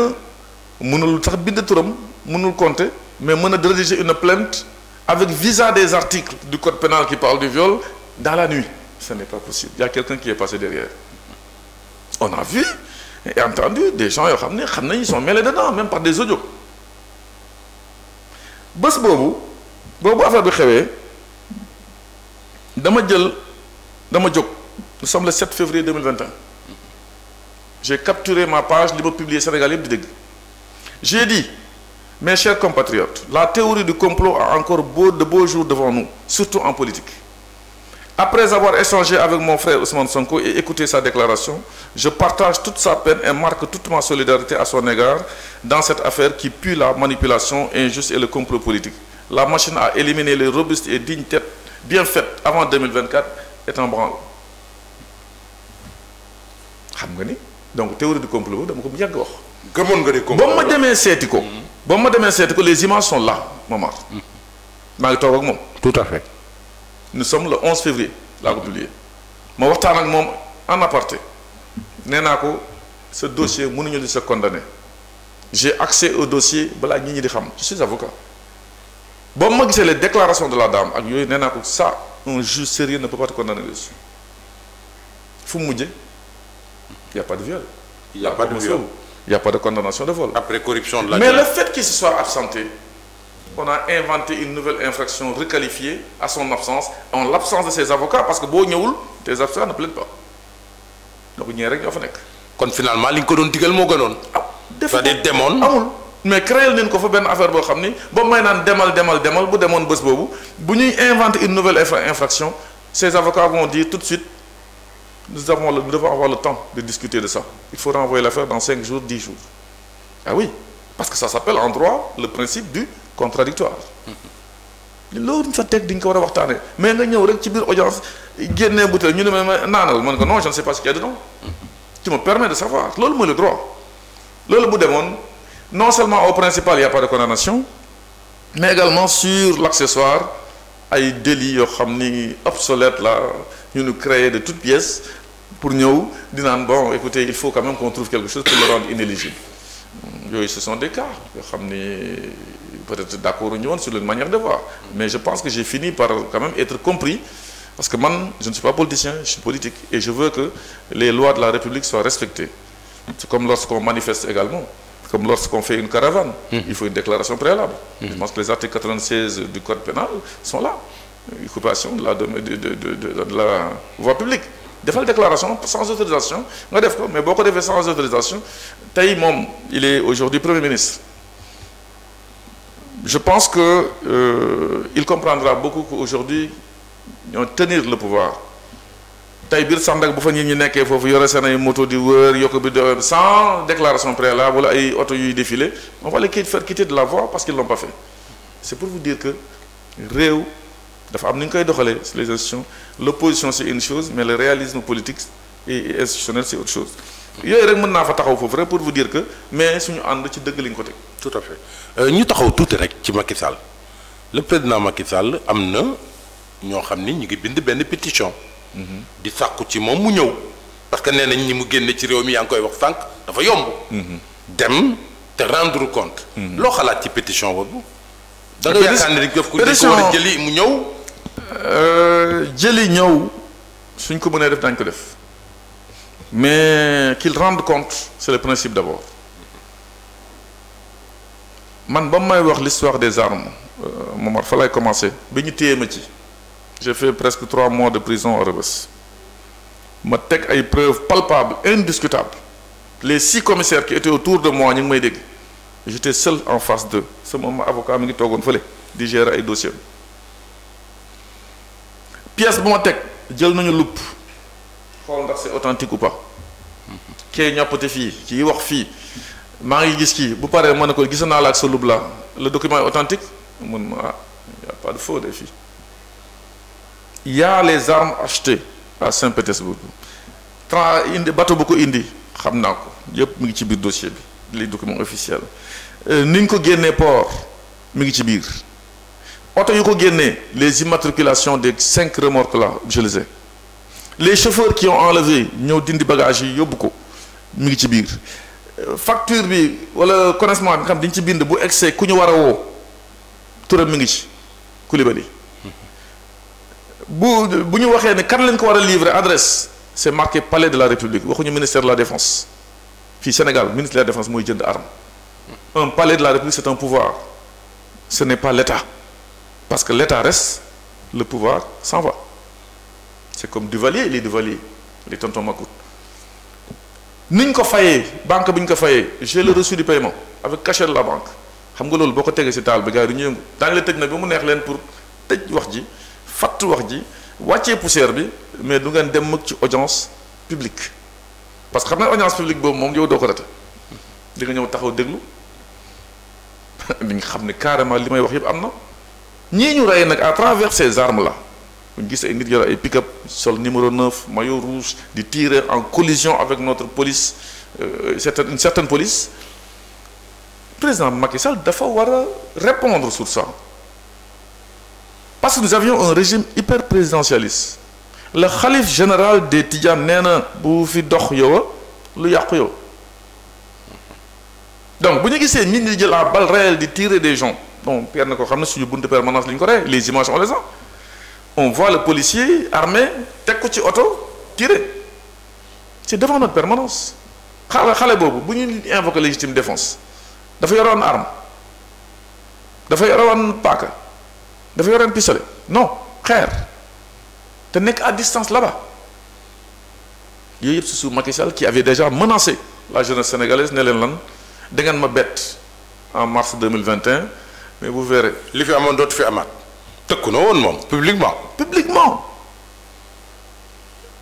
Mounoul Tarbidetouram, Mounoul Conte, mais a rédiger une plainte avec visa des articles du code pénal qui parle du viol dans la nuit. Ce n'est pas possible. Il y a quelqu'un qui est passé derrière. On a vu et entendu des gens, ils sont mêlés dedans, même par des audios. Bos Bobo, Bobo a fait dama dama nous sommes le 7 février 2021 j'ai capturé ma page libre publié sénégalais j'ai dit mes chers compatriotes la théorie du complot a encore de beaux jours devant nous surtout en politique après avoir échangé avec mon frère Ousmane Sonko et écouté sa déclaration je partage toute sa peine et marque toute ma solidarité à son égard dans cette affaire qui pue la manipulation injuste et le complot politique la machine a éliminé les robustes et dignes têtes bien faite avant 2024 est en branle xam nga donc théorie du complot boobu dama ko Comment wax. gëmoon nga ni complot mm-hmm. les images sont là maman. Je suis tout à fait. nous sommes le 11 février la République. Je ma waxtaan ak moom en aparté nee ko ce dossier je suis se condamné j'ai accès au dossier je suis avocat. Bon, moi gisee les déclarations de la dame ak yoy nena ko ça un juge sérieux ne peut pas te condamner dessus il Il y' a pas de viol. Il y' a pas de viol Il y' a pas de condamnation de vol. après corruption de la. mais le fait qu'il se soit absenté. on a inventé une nouvelle infraction requalifiée à son absence en l'absence de ses avocats parce que bo ñewul tes avocats ne plaident pas donc ñee rek ñoo fa règles. Quand finalement li nga ko doon digal ah, des démons. ah demoon amul mais créel nañ ko fa affaire boo xam ni ba may naan demal demal demal bu demoon bés boobu bu inventer une nouvelle infraction ces avocats vont dire tout de suite nous avons le, nous devons avoir le temps de discuter de ça il faut renvoyer l'affaire dans 5 jours 10 jours ah oui parce que ça s'appelle en droit le principe du contradictoire mm-hmm. loolu ñu fa tek diñ ko wara waxtane mais nga ñew rek ci biir audience génnee bouteul ñu ne naanal man ko non je ne sais pas ce qu'il y a dedans mm-hmm. tu me permets de savoir loolu mooy le droit loolu bu demoon non seulement au principal, il n'y a pas de condamnation, mais également sur l'accessoire, un délit obsolète nous nous nous créer de toutes pièces pour nous dire bon écoutez il faut quand même qu'on trouve quelque chose pour le rendre inéligible ce sont des cas peut-être d'accord ou sur une manière de voir mais je pense que j'ai fini par quand même être compris parce que moi je ne suis pas politicien je suis politique et je veux que les lois de la République soient respectées c'est comme lorsqu'on manifeste également comme lorsqu'on fait une caravane, il faut une déclaration préalable. Je pense que les articles 96 du Code pénal sont là. Occupation de la, de, de la voie publique. déclaration sans autorisation mais beaucoup de sans autorisation Taï Mom, il est aujourd'hui premier ministre je pense qu'il euh, comprendra beaucoup qu'aujourd'hui ont tenir le pouvoir tey biir Sandaga bu fa nit ñi nekkee foofu yore seen ay moto di wër yokk bi doon sans déclaration préalable wala ay auto yu défilé on va les faire quitter de la voie parce qu'ils l'ont pas fait c'est pour vous dire que réew dafa am ni ñu koy doxalee les institutions l'opposition c'est une chose mais le réalisme politique et institutionnel c'est autre chose y rek mën naa fa taxaw foofu rek pour vous dire que mais suñu ànd ci dëgg lañ ko tout à fait euh, ñu taxaw tout rek ci Macky Sall le président Macky Sall am na ñoo xam ni une ngi bind benn pétition di sakku ci mom mu ñew parce que nenañ nañ ñi mu génne ci réew mi yaa koy wax sànq dafa yomb. Mhm. dem te rendre compte. Mhm. lo xalaat ci pétition bobu da nga yaakaar ne def ko war a jëli mu ñew euh jëli ñew suñ ko mëne def dañ ko def mais qu'il rende compte c'est le principe d'abord man ba may wax l'histoire des armes euh, Momar fa lay commencer. bi ñu téye ma ci j'ai fait presque trois mois de prison à Rebus. ma a une preuve palpable, indiscutable. les six commissaires qui étaient autour de moi j'étais seul en face d'eux mon avocat gérer dossiers pièce de ma faut c'est authentique ou pas Qui est fille, wax ngi gis une bu le document est authentique Il n'y ah, a pas de faux défis il y a les armes achetées à Saint-Pétersbourg indi bateau beaucoup indi dossier les documents officiels euh, ni ñu les immatriculations des cinq remorques là je les ai les chauffeurs qui ont enlevé nos dindi des yi ko euh, facture bi wala connaissement bi xam excès ku ñu si vous ñu waxee le kan adresse c'est marqué palais de la république le ministère de la défense fii Sénégal ministère de la défense mooy jënd arme un palais de la république c'est un pouvoir ce n'est pas l'état parce que l'état reste le pouvoir s'en va c'est comme Duvalier les Duvalier les tontons Makout. ni ñu ko banque bi ñu j'ai le reçu du paiement avec cachet de la banque xam nga loolu boo ko tegee si c'est gars yi du la pour fatou wax ji wàccee poussière bi mais du ngeen dem ci audience publique parce que xam naa audience publique boobu moom yow doo ko rate di nga ñëw taxaw déglu *laughs* di nga xam ne carrément li may wax yëpp am na ñii ñu rey nag à travers ces armes là ñu gis ay nit yore ay pick-up sol numéro 9 maillot rouge di tirer en collision avec notre police euh, certaine une certaine police président Macky Sall dafa war a répondre sur ça parce que nous avions un régime hyper présidentialiste. Le khalif général de Tidjan Nena Boufi Dokhyo, le Yakuyo. Donc, si vous avez la balle réelle de tirer des gens, donc Pierre Nako Khamne, sur le de permanence, les images, on les a. On voit le policier armé, tekouti auto, tirer. C'est devant notre permanence. Khale Bobo, si vous légitime défense, il faut y avoir une arme, il faut y avoir une paque dafa un pistolet non xeer te nekk à distance là-bas Il y a ce sous qui avait déjà menacé la jeunesse sénégalaise ne leen lan da ma en mars 2021 mais vous verrez li fi amoon dootu fi amaat tëkku na woon publiquement publiquement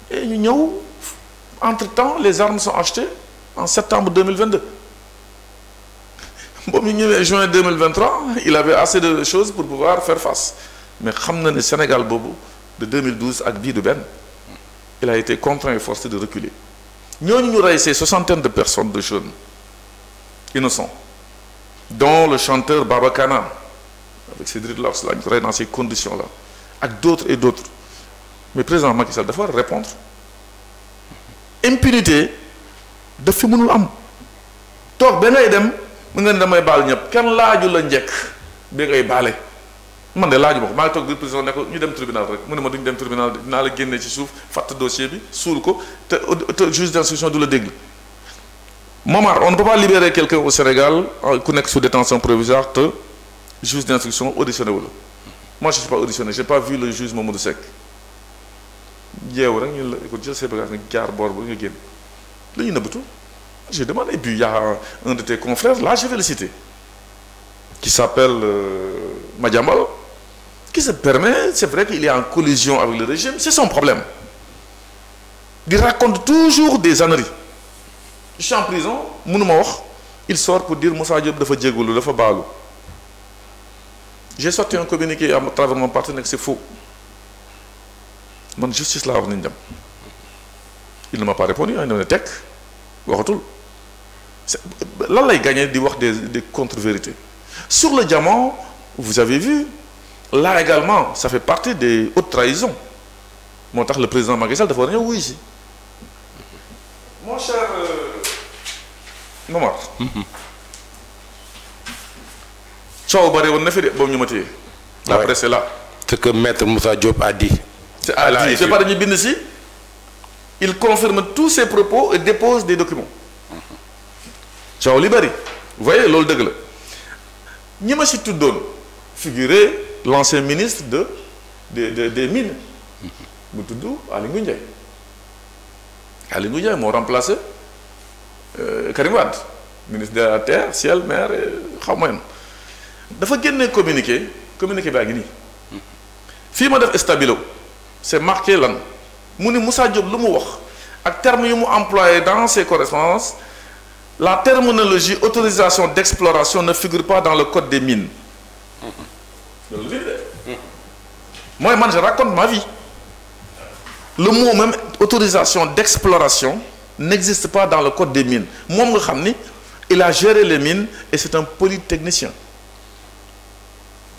et ñu ñëw entre temps les armes sont achetées en septembre 2022 au ñu de juin 2023 il avait assez de choses pour pouvoir faire face mais xam na Sénégal de 2012 ak bidou de il a été contraint et forcé de reculer nous avons rey 60 soixantaine de personnes de jeunes innocents dont le chanteur Baba avec ses dreadlocks là dans ces conditions là avec d'autres et d'autres mais président Macky Sall dafa répondre impunité de fi mënul am donc ba mu nga ne damay baal ñëpp kenn laaju la njëkk bi ngay baale man de laaju ma ko maa ngi toog biir prison ne ko ñu dem tribunal rek mu ne ma duñ dem tribunal dinaa la génne ci suuf fàtt dossier bi suul ko te te juge d'instruction du la dégg Momar on ne peut pas libérer quelqu'un au Sénégal euh, ku nekk sous détention provisoire te juge d'instruction auditionné wu la moi je suis pas auditionné j'ai pas vu le juge Mamadou Seck jeew rek ñu la écoute jël say bagages nga jaar boor ba nga génn lu ñu nëbbatu j'ai demandé, et puis il y a un, de tes confrères, là je vais le citer, qui s'appelle euh, qui se permet, c'est vrai qu'il est en collision avec le régime, c'est son problème. Il raconte toujours des âneries. Je suis en prison, il sort pour dire Moussa Diop dafa djégoulou, dafa balo. J'ai sorti un communiqué à travers mon partenaire que c'est faux. Mon justice là, il ne m'a pas répondu, hein, il ne m'a pas répondu. Là, il gagné de voir des contre-vérités sur le diamant vous avez vu là également ça fait partie des hautes trahisons Mon le président Maguessal, de dafa oui. mon cher Nomar, Ça, la presse là. ce que maître Moussa Diop a dit. c'est il confirme tous ses propos et dépose des documents ciao Libari, vous voyez lol de Je figurer l'ancien ministre de des mines mu Ndiaye remplacé euh, Karim ministre de la terre ciel mer xaw dafa génne communiqué communiqué ba ngi fi ma def stabilo c'est marqué lan Moussa Diop lu mu terme employé dans ses correspondances la terminologie autorisation d'exploration ne figure pas dans le code des mines. Moi, moi, je raconte ma vie. Le mot même autorisation d'exploration n'existe pas dans le code des mines. Moi, il a géré les mines et c'est un polytechnicien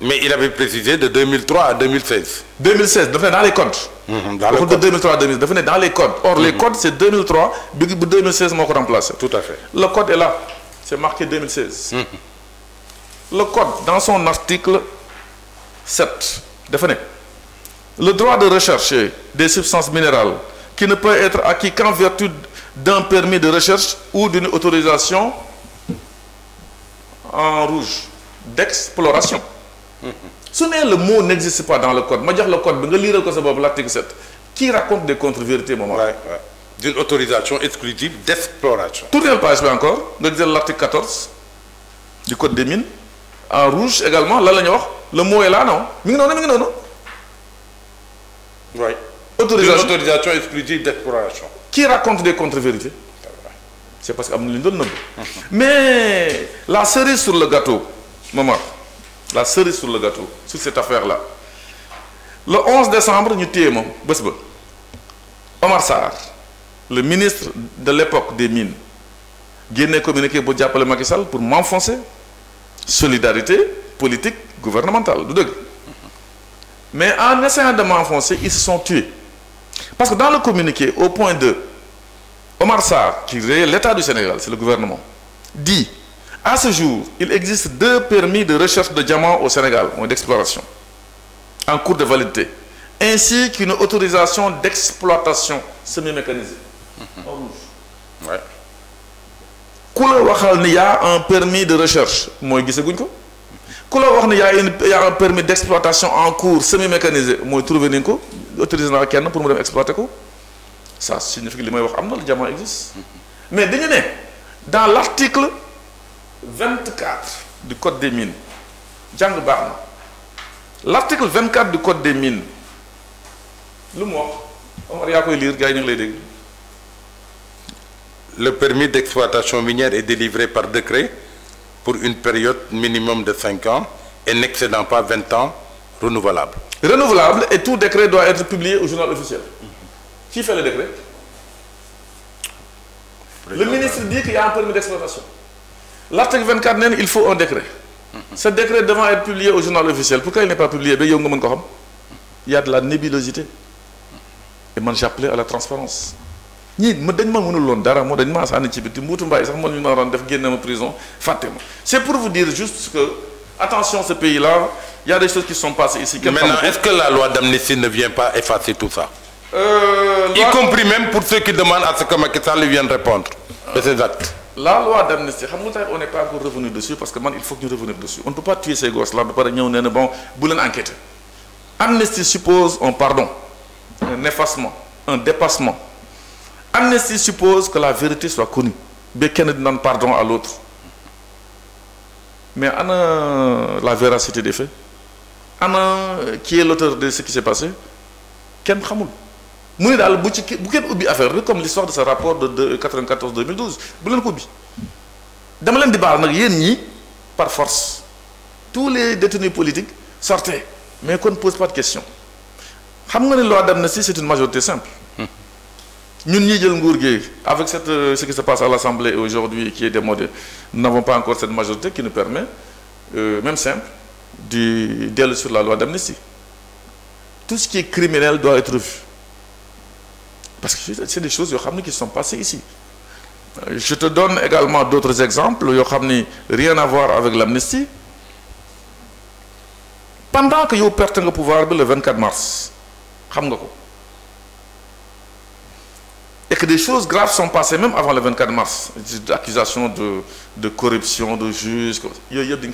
mais il avait précisé de 2003 à 2016. 2016 dafa dans les comptes. Mhm, dans de 2003 à 2016 dans les comptes. or les mhm. comptes c'est 2003 2016 m'a ko remplacé. tout à fait le code est là c'est marqué 2016. Mhm. le code dans son article 7 dafa le droit de rechercher des substances minérales qui ne peut être acquis qu'en vertu d'un permis de recherche ou d'une autorisation en rouge d'exploration ce n'est le mot n'existe pas dans le code ma jox le code je nga lire le sa de l'article 7 qui raconte des contre-vérités maman d'une autorisation exclusive d'exploration tournez page pas encore l'article 14 du code des mines en rouge également là le mot est là non non, non, oui autorisation autorisation exclusive d'exploration qui raconte des contre-vérités c'est parce qu'il y a un mais la cerise sur le gâteau Maman la cerise sur le gâteau sur cette affaire là le 11 décembre nous Omar Sarr le ministre de l'époque des mines a communiqué pour m'enfoncer solidarité politique gouvernementale mais en essayant de m'enfoncer ils se sont tués parce que dans le communiqué au point 2 Omar Sarr qui est l'état du Sénégal c'est le gouvernement dit à ce jour, il existe deux permis de recherche de diamants au Sénégal, d'exploration, en cours de validité, ainsi qu'une autorisation d'exploitation semi-mécanisée, en rouge. Ouais. ku waxal un permis de recherche un permis ko en cours semi un permis d'exploitation en cours semi mécanisé Il y a un permis d'exploitation pour exploiter ça signifie que le diamant existe mm-hmm. mais dans l'article... 24 du code des mines L'article L'article 24 du code des mines le mot on va lire les le permis d'exploitation minière est délivré par décret pour une période minimum de 5 ans et n'excédant pas 20 ans renouvelable. renouvelable et tout décret doit être publié au journal officiel. Qui fait le décret? Le ministre dit qu'il y a un permis d'exploitation. L'article 24 il faut un décret. Ce décret devant être publié au journal officiel pourquoi il n'est pas publié il y a de la nébulosité et j'ai j'appelais à la transparence Ni, moi ma dara prison c'est pour vous dire juste que attention ce pays-là il y a des choses qui sont passées ici. maintenant est-ce que la loi d'amnistie ne vient pas effacer tout ça. Euh, y compris même pour ceux qui demandent à ce que Macky lui vienne répondre de ses actes la loi d'amnistie on n'est pas encore revenu dessus parce que man il faut que nous revenions dessus on ne peut pas tuer ces gosses là ba ne peut pas bon bu enquêter amnistie suppose un pardon un effacement un dépassement amnistie suppose que la vérité soit connue Mais qu'un di pardon à l'autre mais ana la véracité des faits ana euh, qui est l'auteur de ce qui s'est passé Ken xamul bu comme l'histoire de ce rapport de 94 2012 bu leen ko ubbi dama leen di baal par force tous les détenus politiques sortaient mais qu'on ne pose pas de questions. La loi d'amnistie c'est une majorité simple avec ce qui se passe à l'Assemblée aujourd'hui qui est démodé nous n'avons pas encore cette majorité qui nous permet euh, même simple d'aller sur la loi d'amnistie tout ce qui est criminel doit être vu parce que c'est des choses qui sont passées ici. Euh, je te donne également d'autres exemples, rien à voir avec l'amnistie. Pendant que vous perdez le pouvoir le 24 mars, et que des choses graves sont passées même avant le 24 mars, accusations de, de corruption, de juges, il y a des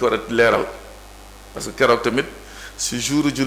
Parce que si jour dit,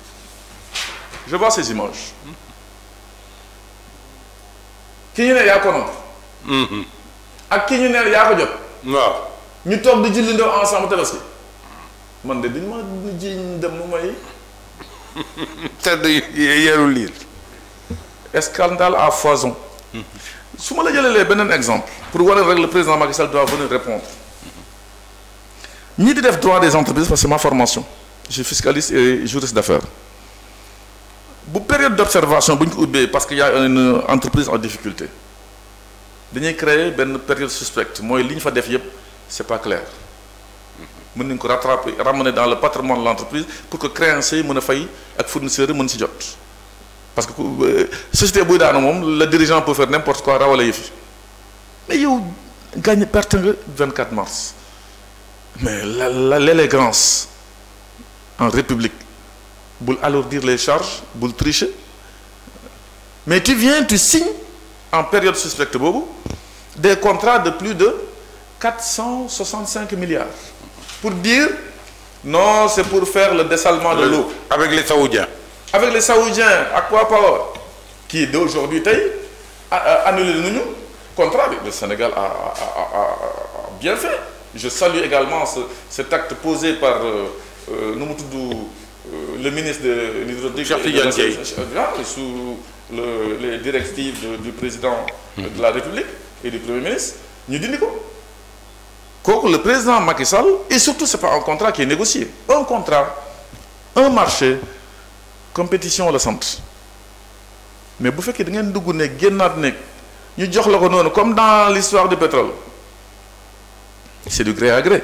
Je vois ces images. ki ne yaa ko mhm. ak ki ñu ne yaa ko jot. waaw ñu toog di julli ndoo ensemble tabaski man de duñ ma jiñ dem mu may. tedd yeru liir. scandale à foison. su ma la jëlalee benen exemple. pour voir rek le président Macky Sall doit venir répondre Ni di def droit des entreprises parce que ma formation je suis fiscaliste et juriste d'affaires. Pour période d'observation parce qu'il y a une entreprise en difficulté y créé une période suspecte Moi, li fa def ce c'est pas clair nous avons rattraper dans le patrimoine de l'entreprise pour que créanciers un mën et fay ak fournisseurs mën si parce que euh, société le dirigeant peut faire n'importe quoi Mais il y mais yow gagné perte le 24 mars mais l'élégance en république pour alourdir les charges pour tricher mais tu viens tu signes en période suspecte Bobo, des contrats de plus de 465 milliards pour dire non c'est pour faire le dessalement de l'eau avec les saoudiens avec les saoudiens à quoi Power qui d'aujourd'hui a annulé le contrat avec le Sénégal a, bien fait je salue également cet acte posé par euh, euh euh, le ministre de est sous le, les directives du président hmm. de la République et du Premier ministre, nous disons que le président Macky Sall, et surtout ce n'est pas un contrat qui est négocié, un contrat, un marché, compétition au centre. Mais vous faites que vous avez nous comme dans l'histoire du pétrole. C'est du gré à gré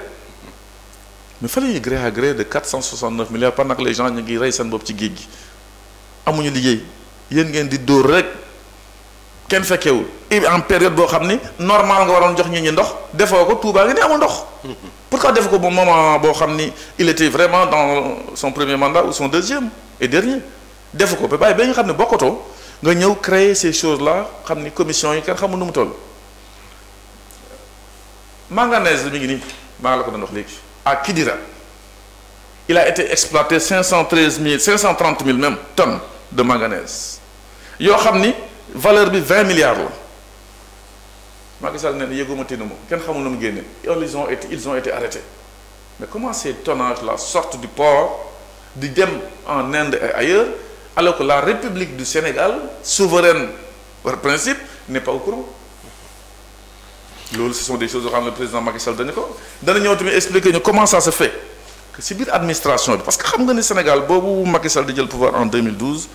mais fallait yi gré à gré de 469 milliards pendant que les gens ñu ngi rey seen bopp ci géej gi amuñu liggéey yéen ngeen di dóor rek kenn fekkeewul en période boo xam ni normal nga waroon jox ñi ñi ndox defoo ko Touba ngi ne amul ndox *laughs* pourquoi def ko ba moment boo il était vraiment dans son premier mandat ou son deuxième et dernier def ko ba bàyyi ba nga xam ne bokkatoo nga ñëw créer ces choses là xam commission yi kenn xamul nu mu toll manganèse mi ngi nii maa la ko doon wax à Kidira, il a été exploité 513 000, 530 000 même tonnes de manganèse. il a valeur de 20 milliards ils ont été ils ont été arrêtés mais comment ces tonnages là sortent du port d'Idem en Inde et ailleurs alors que la République du Sénégal souveraine par principe n'est pas au courant ce sont des choses que le président Macky Sall donne. ko dana ñëw expliquer comment ça se fait que si l'administration. administration parce que xam nga le Sénégal si Macky Sall di le pouvoir en 2012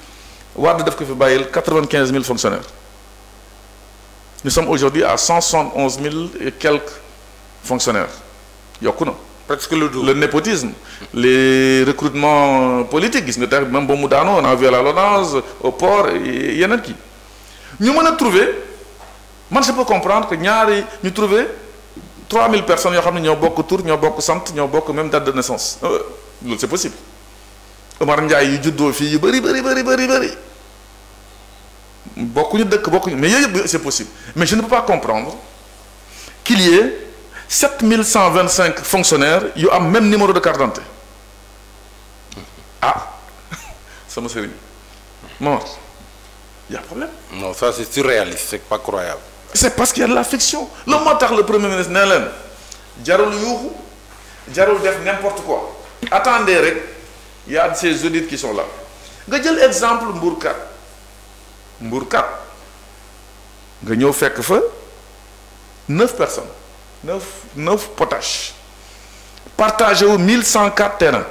Il y a 95 000 fonctionnaires nous sommes aujourd'hui à 171 000 et quelques fonctionnaires Il a presque le double le népotisme les recrutements politiques même ba Moudano, on a vu à la LONASE au port il y a qui. Nous, Nous a trouvé... Moi, je peux comprendre que nous ñu 3000 personnes yoo xam ne ñoo bokk tur ñoo bokk sant ñoo beaucoup même date de naissance euh, c'est possible Omar Ndiaye il y a bari, bari, bari, bari. bari beaucoup, bokkuñu dëkk mais c'est possible mais je ne peux pas comprendre qu'il y ait 7125 fonctionnaires qui ont le même numéro de carte d'identité ah ça *laughs* sama Non, il y a un problème. non ça c'est surréaliste c'est pas croyable c'est parce qu'il y a de l'affection Le motard, le premier ministre a jarul def n'importe quoi attendez il y a ces audits qui sont là nga l'exemple de Mbourkat Mbourkat nga avez fait neuf personnes neuf neuf potaches partagez 1104 terrains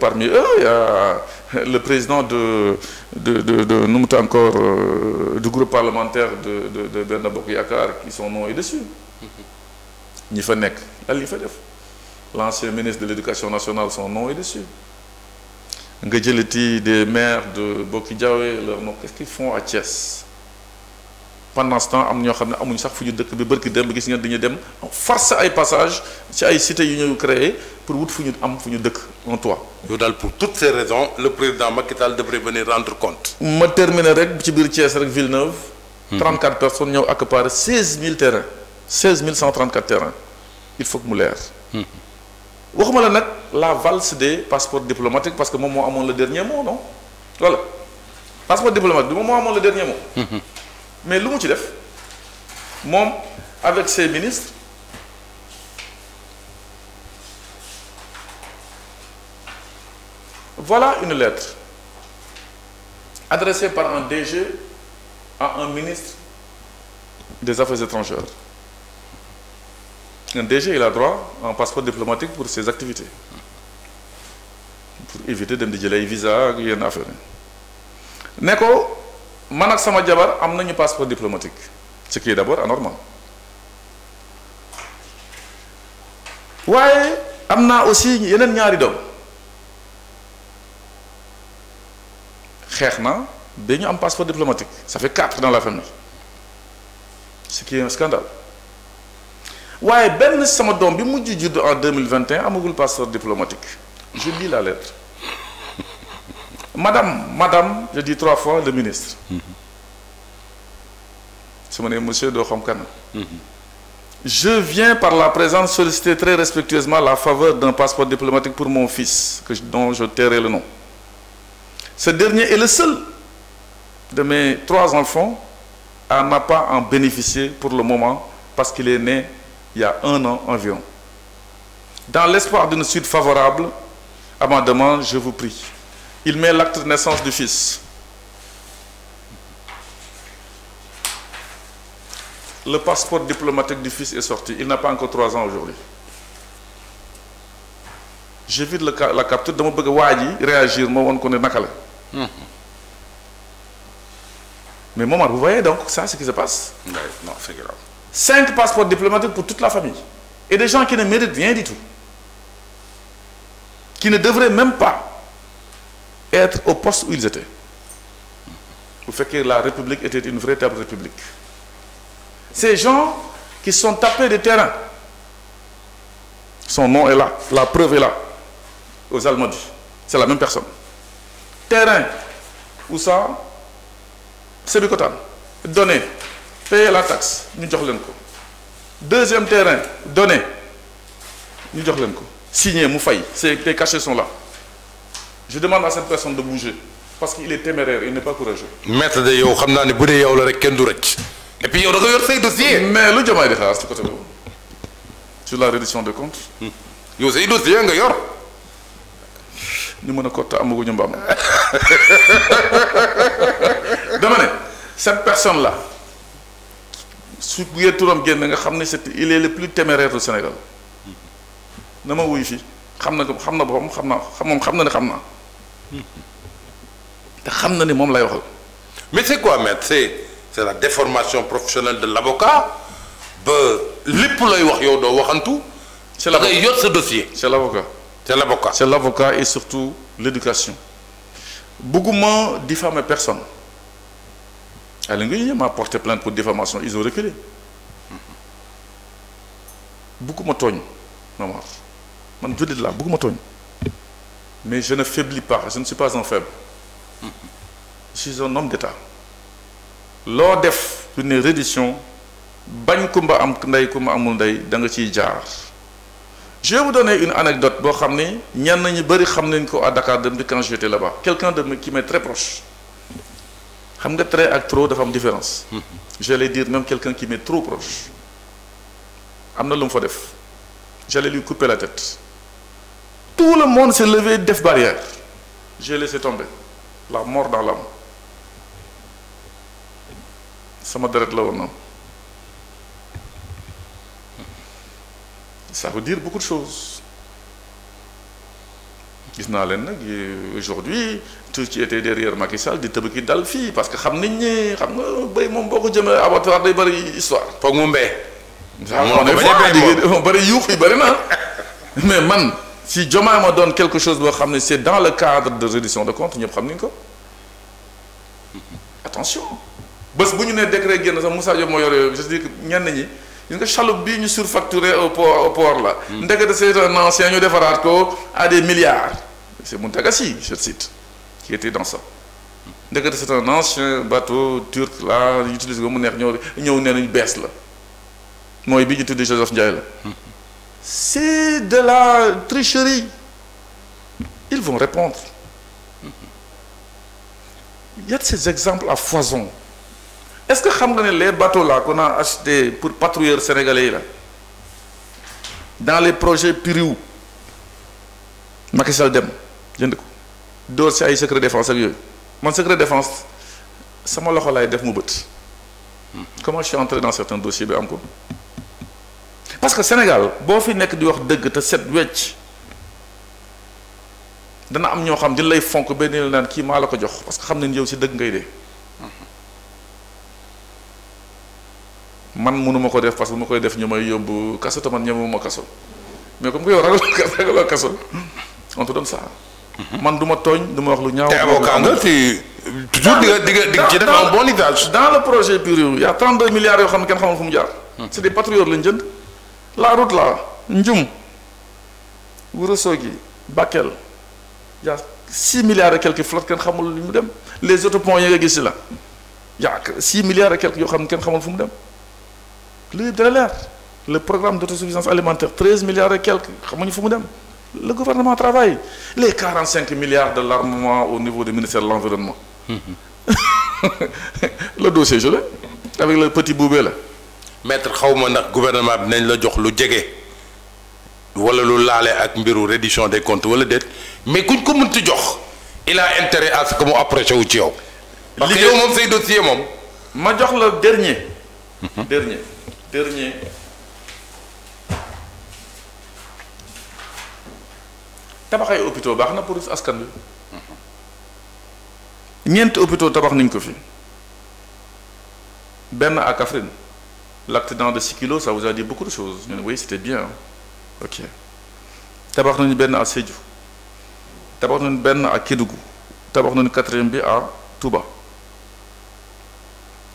parmi eux il y a le président de de encore euh, du groupe parlementaire de de de qui son nom est dessus ni l'ancien ministre de l'éducation nationale son nom est dessus nga des maires de Boki leur nom qu'est-ce qu'ils font à Thiès pendant ce temps am ñoo xamne amuñ sax fuñu dëkk bi bërki dem gis nga dem force ay passage ci ay cité ñu créé pour wut fuñu am fuñu dëkk en toi. pour toutes ces raisons le président Makital devrait venir rendre compte. ma terminer rek ci biir Thiès rek Villeneuve. 34 mhm. personnes ñëw 16 16000 terrains 16134 terrains il faut que mu leer. Mhm. waxuma la nak la valse des passeports diplomatiques parce que je suis le dernier mot non voilà passeport diplomatique je suis le dernier mot. Mhm mais lu avec ses ministres voilà une lettre adressée par un DG à un ministre des Affaires étrangères. Un DG, a droit à un passeport diplomatique pour ses activités. Pour éviter de me dire les visas, il man ak sama jabar am un passeport diplomatique ce qui est d'abord anormal waaye am a aussi yeneen ñaari passeport diplomatique ça fait quatre dans la famille ce qui est un scandale waaye benn sama bi en 2021 passeport diplomatique je lis la lettre. Madame, madame, je dis trois fois le ministre. C'est mhm. monsieur de Khamkana, mhm. Je viens par la présence solliciter très respectueusement la faveur d'un passeport diplomatique pour mon fils, dont je tairai le nom. Ce dernier est le seul de mes trois enfants à n'a pas en bénéficier pour le moment parce qu'il est né il y a un an environ. Dans l'espoir d'une suite favorable à ma demande, je vous prie il met l'acte de naissance du fils. Le passeport diplomatique du fils est sorti. Il n'a pas encore trois ans aujourd'hui. J'évite la capture de mon bébé réagir, moi on connaît Calais. Hmm. Mais maman, vous voyez donc ça, ce qui se passe Non, c'est Cinq passeports diplomatiques pour toute la famille. Et des gens qui ne méritent rien du tout. Qui ne devraient même pas être au poste où ils étaient. Vous fait que la République était une véritable République. Ces gens qui sont tapés de terrain, son nom est là, la preuve est là, aux Allemands. C'est la même personne. Terrain, où ça C'est du coton. Donné, payer la taxe, nous Deuxième terrain, donné, nous signer Signé, Moufaï, ces cachets sont là je demande à cette personne de bouger parce qu'il est téméraire il n'est pas courageux. maître de yow xamna ni ne yow la rek ken du recc. et puis yow da nga yor say dossier. mais lu jomay di xaar ci côté boobu sur la reddition des comptes. yow say dossier nga yor. Ni mëna ko ta amugo ñu mbam. *laughs* dama né cette personne là su buggee turam génn nga xamné c'est il est le plus téméraire du Sénégal na ma wuy fi xamna xamna bopam xamna na boppam xam naa xam moom xam ne xam mais c'est quoi maître c'est c'est la déformation professionnelle de l'avocat c'est l'avocat c'est l'avocat c'est l'avocat. c'est l'avocat et surtout l'éducation moins diffamer personne Aly Ngouille ils m'a porté plainte pour diffamation ils ont reculé Beaucoup bëgguma tooñ Je man dire, beaucoup bëgguma tooñ mais je ne faiblis pas, je ne suis pas un faible. Je suis un homme d'État. Lors def une reddition je vais vous donner une anecdote ñu ko quand j'étais là-bas quelqu'un de qui m'est très proche xam nga très ak trop dafa am différence j'allais dire même quelqu'un qui m'est trop proche am j'allais lui couper la tête tout le monde s'est levé def barrière j'ai laissé tomber la mort dans l'âme m'a deret là ou non ça veut dire beaucoup de choses gis naa aujourd'hui tout ce qui était derrière Macky Sall dit tëb Dalfi, parce que xam nañ ne xam nga béy mom boko jëme jëmee abattoir day bari histoire. Pok mu mbee. on est mais man si Diomaye donne quelque chose c'est dans le cadre de reddition de compte nous avons attention Parce que vous au port hmm. un ancien à des milliards c'est Montagassi, je cite qui était dans ça c'est un ancien bateau turc là utilise neex une baisse c'est de la tricherie. Ils vont répondre. Il y a de ces exemples à foison. Est-ce que vous les bateaux là qu'on a achetés pour patrouiller sénégalais là, dans les projets Piriou, Macky Sall dem, jënd ko secret défense mon Mon Mon secret défense c'est loxo dit def comment je suis entré dans certains dossiers parce que sénégal bo fi nek di wax deug te set wetch dana am ño xam di lay fonk benil nan ki kii la ko jox parce que xam nañ yow ci deug ngay dé man munu mako def parce que bu koy def ñumay may kasso kaso te man ñamuma kasso mais comme ko yow ragal ragaloo kaso on te donne ça man duma togn duma wax lu ñaaw toujours diga diga diga ci def bon usage dans le projet pur il y a 32 milliards yo xamne ken xamul fu mu jaar hmm. c'est des patriotes lañ jënd la route là Ndjoum, Ourossogui Bakel y' a 6 milliards et quelques flottes qui xamul lu dem les autres points, il gis la y' a 6 milliards et quelques qui xam ne xamul fu dem le programme d'autosuffisance alimentaire 13 milliards et quelques xamuñu fu dem le gouvernement travaille les 45 milliards de l'armement au niveau du ministère de l'environnement hum, hum. *laughs* le dossier je l'ai avec le petit boubé là. maître xawma ma ndax gouvernement bi nañ la jox lu jege wala lu laale ak mbiru reddition des comptes wala déet mais kuñ ko mënti jox il a intérêt à ce mu approché wu ci yow. parce que yow moom say dossier moom. ma jox la dernier. Mhm. dernier dernier. tabax ay hôpitaux baax na pour askan wi. Mhm. ñeenti hôpitaux tabax nañ ko fi benn à Kaffrine. l'accident de Sikilo, ça vous a dit beaucoup de choses. Oui, c'était bien. Ok. tabax Ben benn à Sédhiou tabax nañu benn à Kédougou tabax quatrième bi à Touba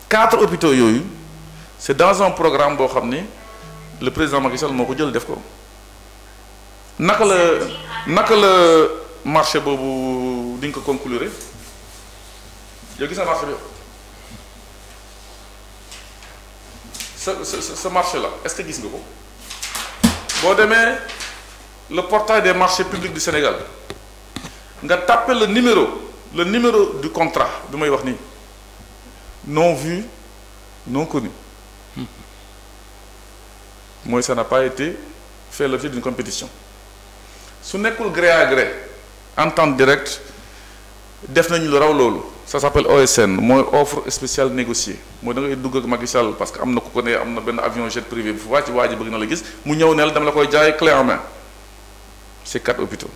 quatre hôpitaux eu. c'est dans un programme que xam le président Macky Sall moo ko jël def ko marché va conclure conclure yow marché ce marché là est-ce que dit nga Bon, le portail des marchés publics du Sénégal nga tapé le numéro le numéro du contrat de may non vu non connu *laughs* Moi, ça n'a pas été fait l'objet d'une compétition su le gré à gré en directe def nañu lu raw ça s'appelle OSN Moi offre spéciale négociée Moi da ngay dugg ak Macky Sall parce que am na ko ne avion jet privé Vous voyez, vous ji bëgg na la gis mu ñëw ne la dama la koy jaay clé en main c'est quatre hôpitaux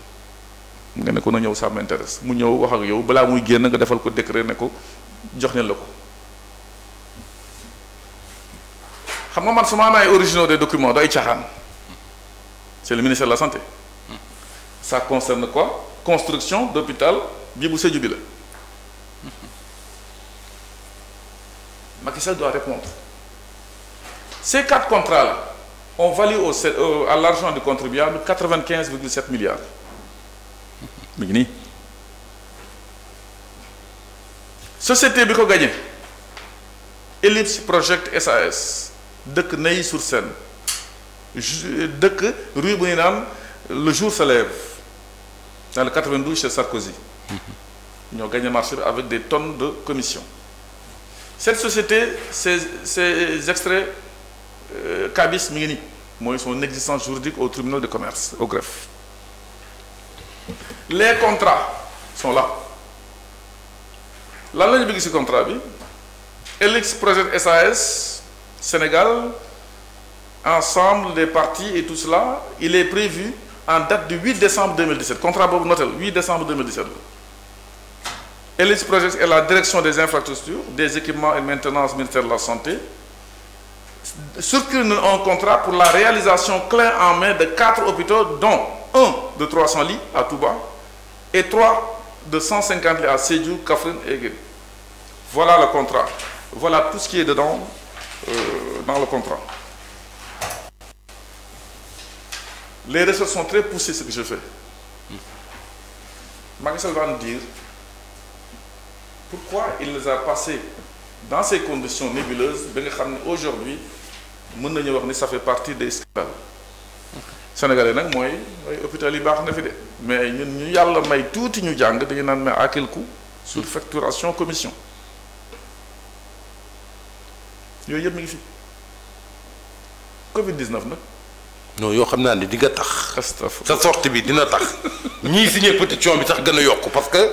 nga ne ko na ñëw ça m'intéresse mu ñëw wax ak yow balaa muy génn nga defal ko décret ne ko jox ne la ko xam nga man su ma des documents day c'est le ministère de la santé ça concerne quoi construction d'hôpital bii bu Sédhiou Macky doit répondre. Ces quatre contrats ont valu au, euh, à l'argent du contribuable 95,7 milliards. Migni. Société Biko Gagné, Ellipse Project SAS, Dek Ney sur scène, Dek Rue Bouinam, le jour se lève, dans le 92 chez Sarkozy. Ils mhm. ont gagné marché avec des tonnes de commissions cette société ces extraits cabis euh, mini. sont moi, son existence juridique au tribunal de commerce au greffe les contrats sont là la logique contrat Elix Project SAS Sénégal ensemble des parties et tout cela il est prévu en date du 8 décembre 2017 contrat Bob 8 décembre 2017 LS Project est la direction des infrastructures, des équipements et maintenance ministère de la Santé. sur un contrat pour la réalisation clé en main de quatre hôpitaux, dont un de 300 lits à Touba et trois de 150 lits à Sédou, Kafrin et Gué. Voilà le contrat. Voilà tout ce qui est dedans euh, dans le contrat. Les ressources sont très poussées, ce que je fais. Marisol va nous dire pourquoi il les a passés dans ces conditions nébuleuses aujourd'hui ça fait partie des scandales sénégalais nak moy mooy hôpital yi baax na fi mais ñun ñu yalla may tuuti ñu jang dañu naan mais à quel de la commission yo yëpp mi ngi fi Covid 19 nak non yo xamna ni ne di nga tax. sa sortie bi dina tax ñi signé pétition bi tax gëna yok parce que.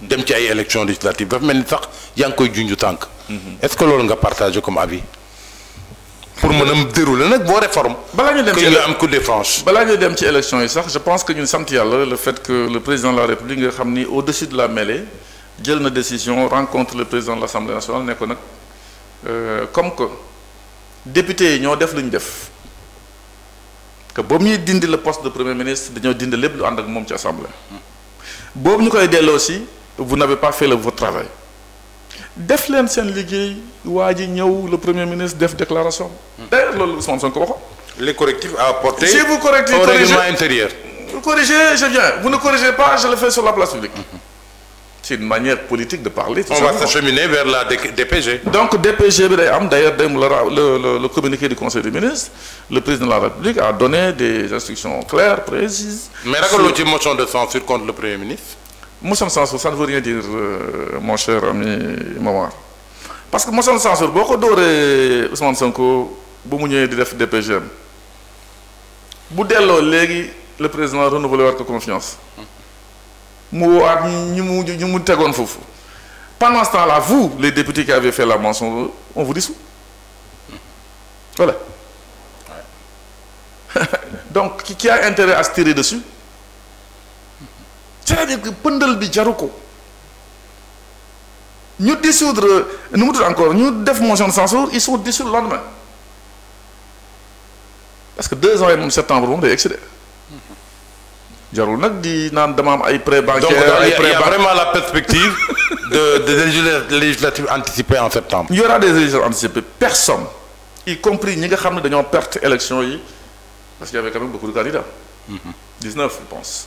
dem ci ay élections législatives dafa mel ni sax yaa ngi koy junj tànk. Mhm. est-ce que loolu nga partagé comme avis. pour mën a dérouler nag boo réforme. balaa ñu dem ci am coup de France. balaa ñu dem ci élection yi sax je pense que ñun sant yàlla le fait que le président de la république nga xam ni au-dessus de la mêlée jël na décision rencontre le président de l'Assemblée nationale ne ko nag euh, comme que député yi ñoo def luñ def que ba ñuy dindi le poste de premier ministre dañoo dindi lépp lu ànd ak moom ci assemblée. Mm. boobu ñu koy delloo si vous n'avez pas fait votre travail. Déf' l'ancien ligue, liggéey a dit le premier ministre def déclaration. d'ailleurs les correctifs à apporter. si vous au règlement intérieur. vous corrigez je viens vous ne corrigez pas je le fais sur la place publique. c'est une manière politique de parler. on va s'acheminer vers la DPG. donc DPG d'ailleurs le communiqué du conseil des ministres le président de la république a donné des instructions claires précises. mais raconte-nous ci motion de censure contre le premier ministre. Moussam ça ne veut rien dire euh, mon cher ami maman parce que Moussam de censure boo Ousmane Sanko, bu mu de def DPGM bu le président renouvelé votre confiance pendant ce temps-là vous les députés qui avez fait la mention on vous dissout voilà *laughs* donc qui a intérêt à se tirer dessus c'est-à-dire que pëndal bi nous dissoudre nous mu encore nous def motion de censure ils sont dissous le lendemain parce que deux ans et même septembre on day excédé jarul nag di dama am ay il y a vraiment la perspective de des législatives anticipées en septembre. il y aura des législatives anticipées personne y compris ñi nga xam ne dañoo perte parce qu'il y avait quand même beaucoup de candidats. 19 mhm. je pense.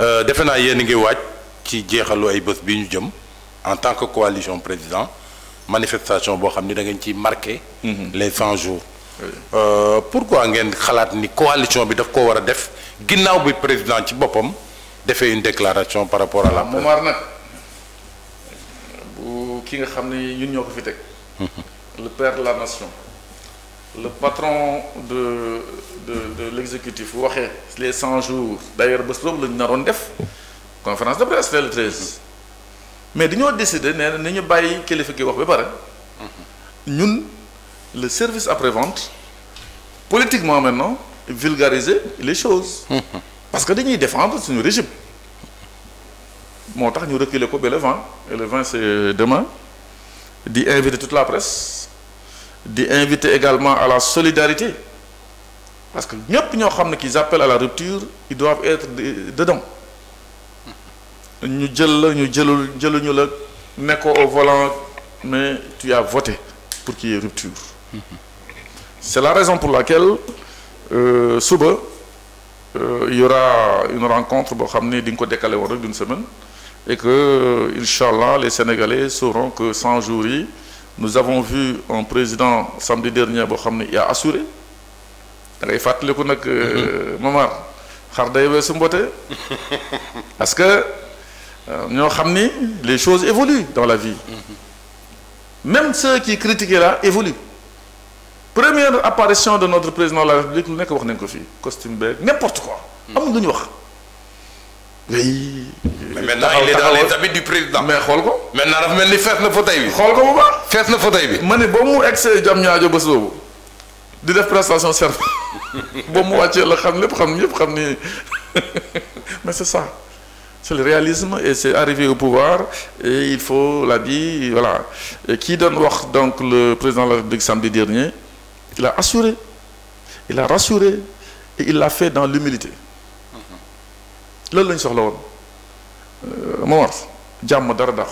Euh, defe naa yéen ngi waaj ci jeexalu ay bés bi ñu jëm en tant que coalition président manifestation bo xamni da ngeen ci marqué. Mhm. les 100 jours. Euh, pourquoi ngeen xalaat ni coalition bi daf ko wara def ginnaw bi président ci bopam defee une déclaration par rapport à la. Ah, Momar nak bu ki nga xamni ne ñun ñoo fi tek mhm. le père de la nation le patron de l'exécutif c'est les 100 jours d'ailleurs le y la def conférence de presse le 13 mais nous avons décidé de ne bàyyi kilifa ce wax ba pare ñun le service après-vente politiquement maintenant vulgariser les choses. parce que nous défendre ce régime. nous avons reculé le 20 et le 20 c'est demain D'inviter toute la presse d'inviter inviter également à la solidarité parce que ñëpp ñoo qui appellent à la rupture ils doivent être dedans ñu jël la nous jëlul jëluñu au volant mais tu as voté pour qu'il y ait rupture c'est la raison pour laquelle euh, euh, il y aura une rencontre pour xam ne d'une semaine et que euh, Inch'Allah, les sénégalais sauront que sans jours nous avons vu un président samedi dernier boo il il assuré da a euh, mhm. *laughs* parce que euh, les choses évoluent dans la vie mhm. même ceux qui critiquaient là évoluent première apparition de notre président de la République nous ne wax pas costume beeg n'importe quoi mhm oui. mais maintenant il est dans les habits du président. mais xool ko. maintenant dafa mel ni fees na fauteuil bi. xool ko bu baax. fees na fauteuil bi. ma ne ba mu egsee jam ñaajo bés boobu di def prestation serve ba mu wàccee la xam lépp xam ñëpp xam ni *laughs* mais c'est ça c'est le réalisme et c'est arriver au pouvoir et il faut la dire voilà et kii doon wax donc le président de la République samedi dernier il a assuré il a rassuré et il l'a fait dans l'humilité loolu la ñu soxla woon euh, Momar jàmm dara dàqu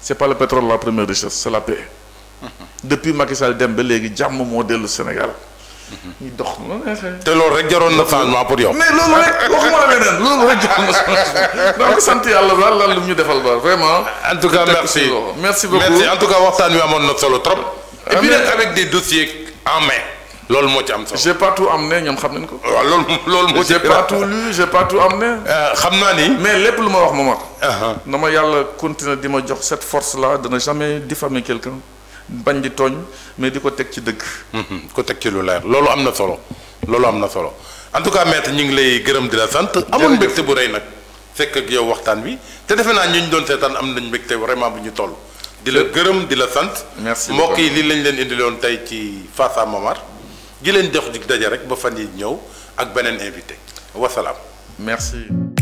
c'est pas le pétrole la première richesse c'est la paix *laughs* depuis Macky Sall dem ba léegi jàmm moo dellu Sénégal. *laughs* ñu dox te loolu rek jaroon na changement pour yow. mais loolu rek waxuma la leneen loolu rek jaroon na changement donc sant yàlla daal lan lu ñu defal ba vraiment. en tout cas merci merci beaucoup merci en tout cas waxtaan wi amoon na solo trop. et puis nag avec des dossiers en main loolu mo ci am solo. j'ai pas tout amené ñom xam nañ ko. waaw loolu mo j'ai pas tout lu j'ai pas tout amené. Euh, xam ni. mais lepp lu ma wax Momar. Uh-huh. na nama yalla continuer dima jox cette force là de ne jamais diffamer quelqu'un bañ di togn mais diko tek teg ci dëgg. Mm-hmm. ko tek ci lu leer loolu amna solo loolu amna solo en tout cas maître ñu ngi lay gërëm di la sant. amoon mbégte bu rëy nak fekk ak yow waxtaan bi te defe naa ñu ñu doon seetaan am nañ mbégte vraiment bu ñu toll. di la gërëm di la sant. merci mbokk yi lii lañ leen indiloon tay ci Face à Momar gi leen jox dig daje rek ba fan yi ak benen invité wasalaam merci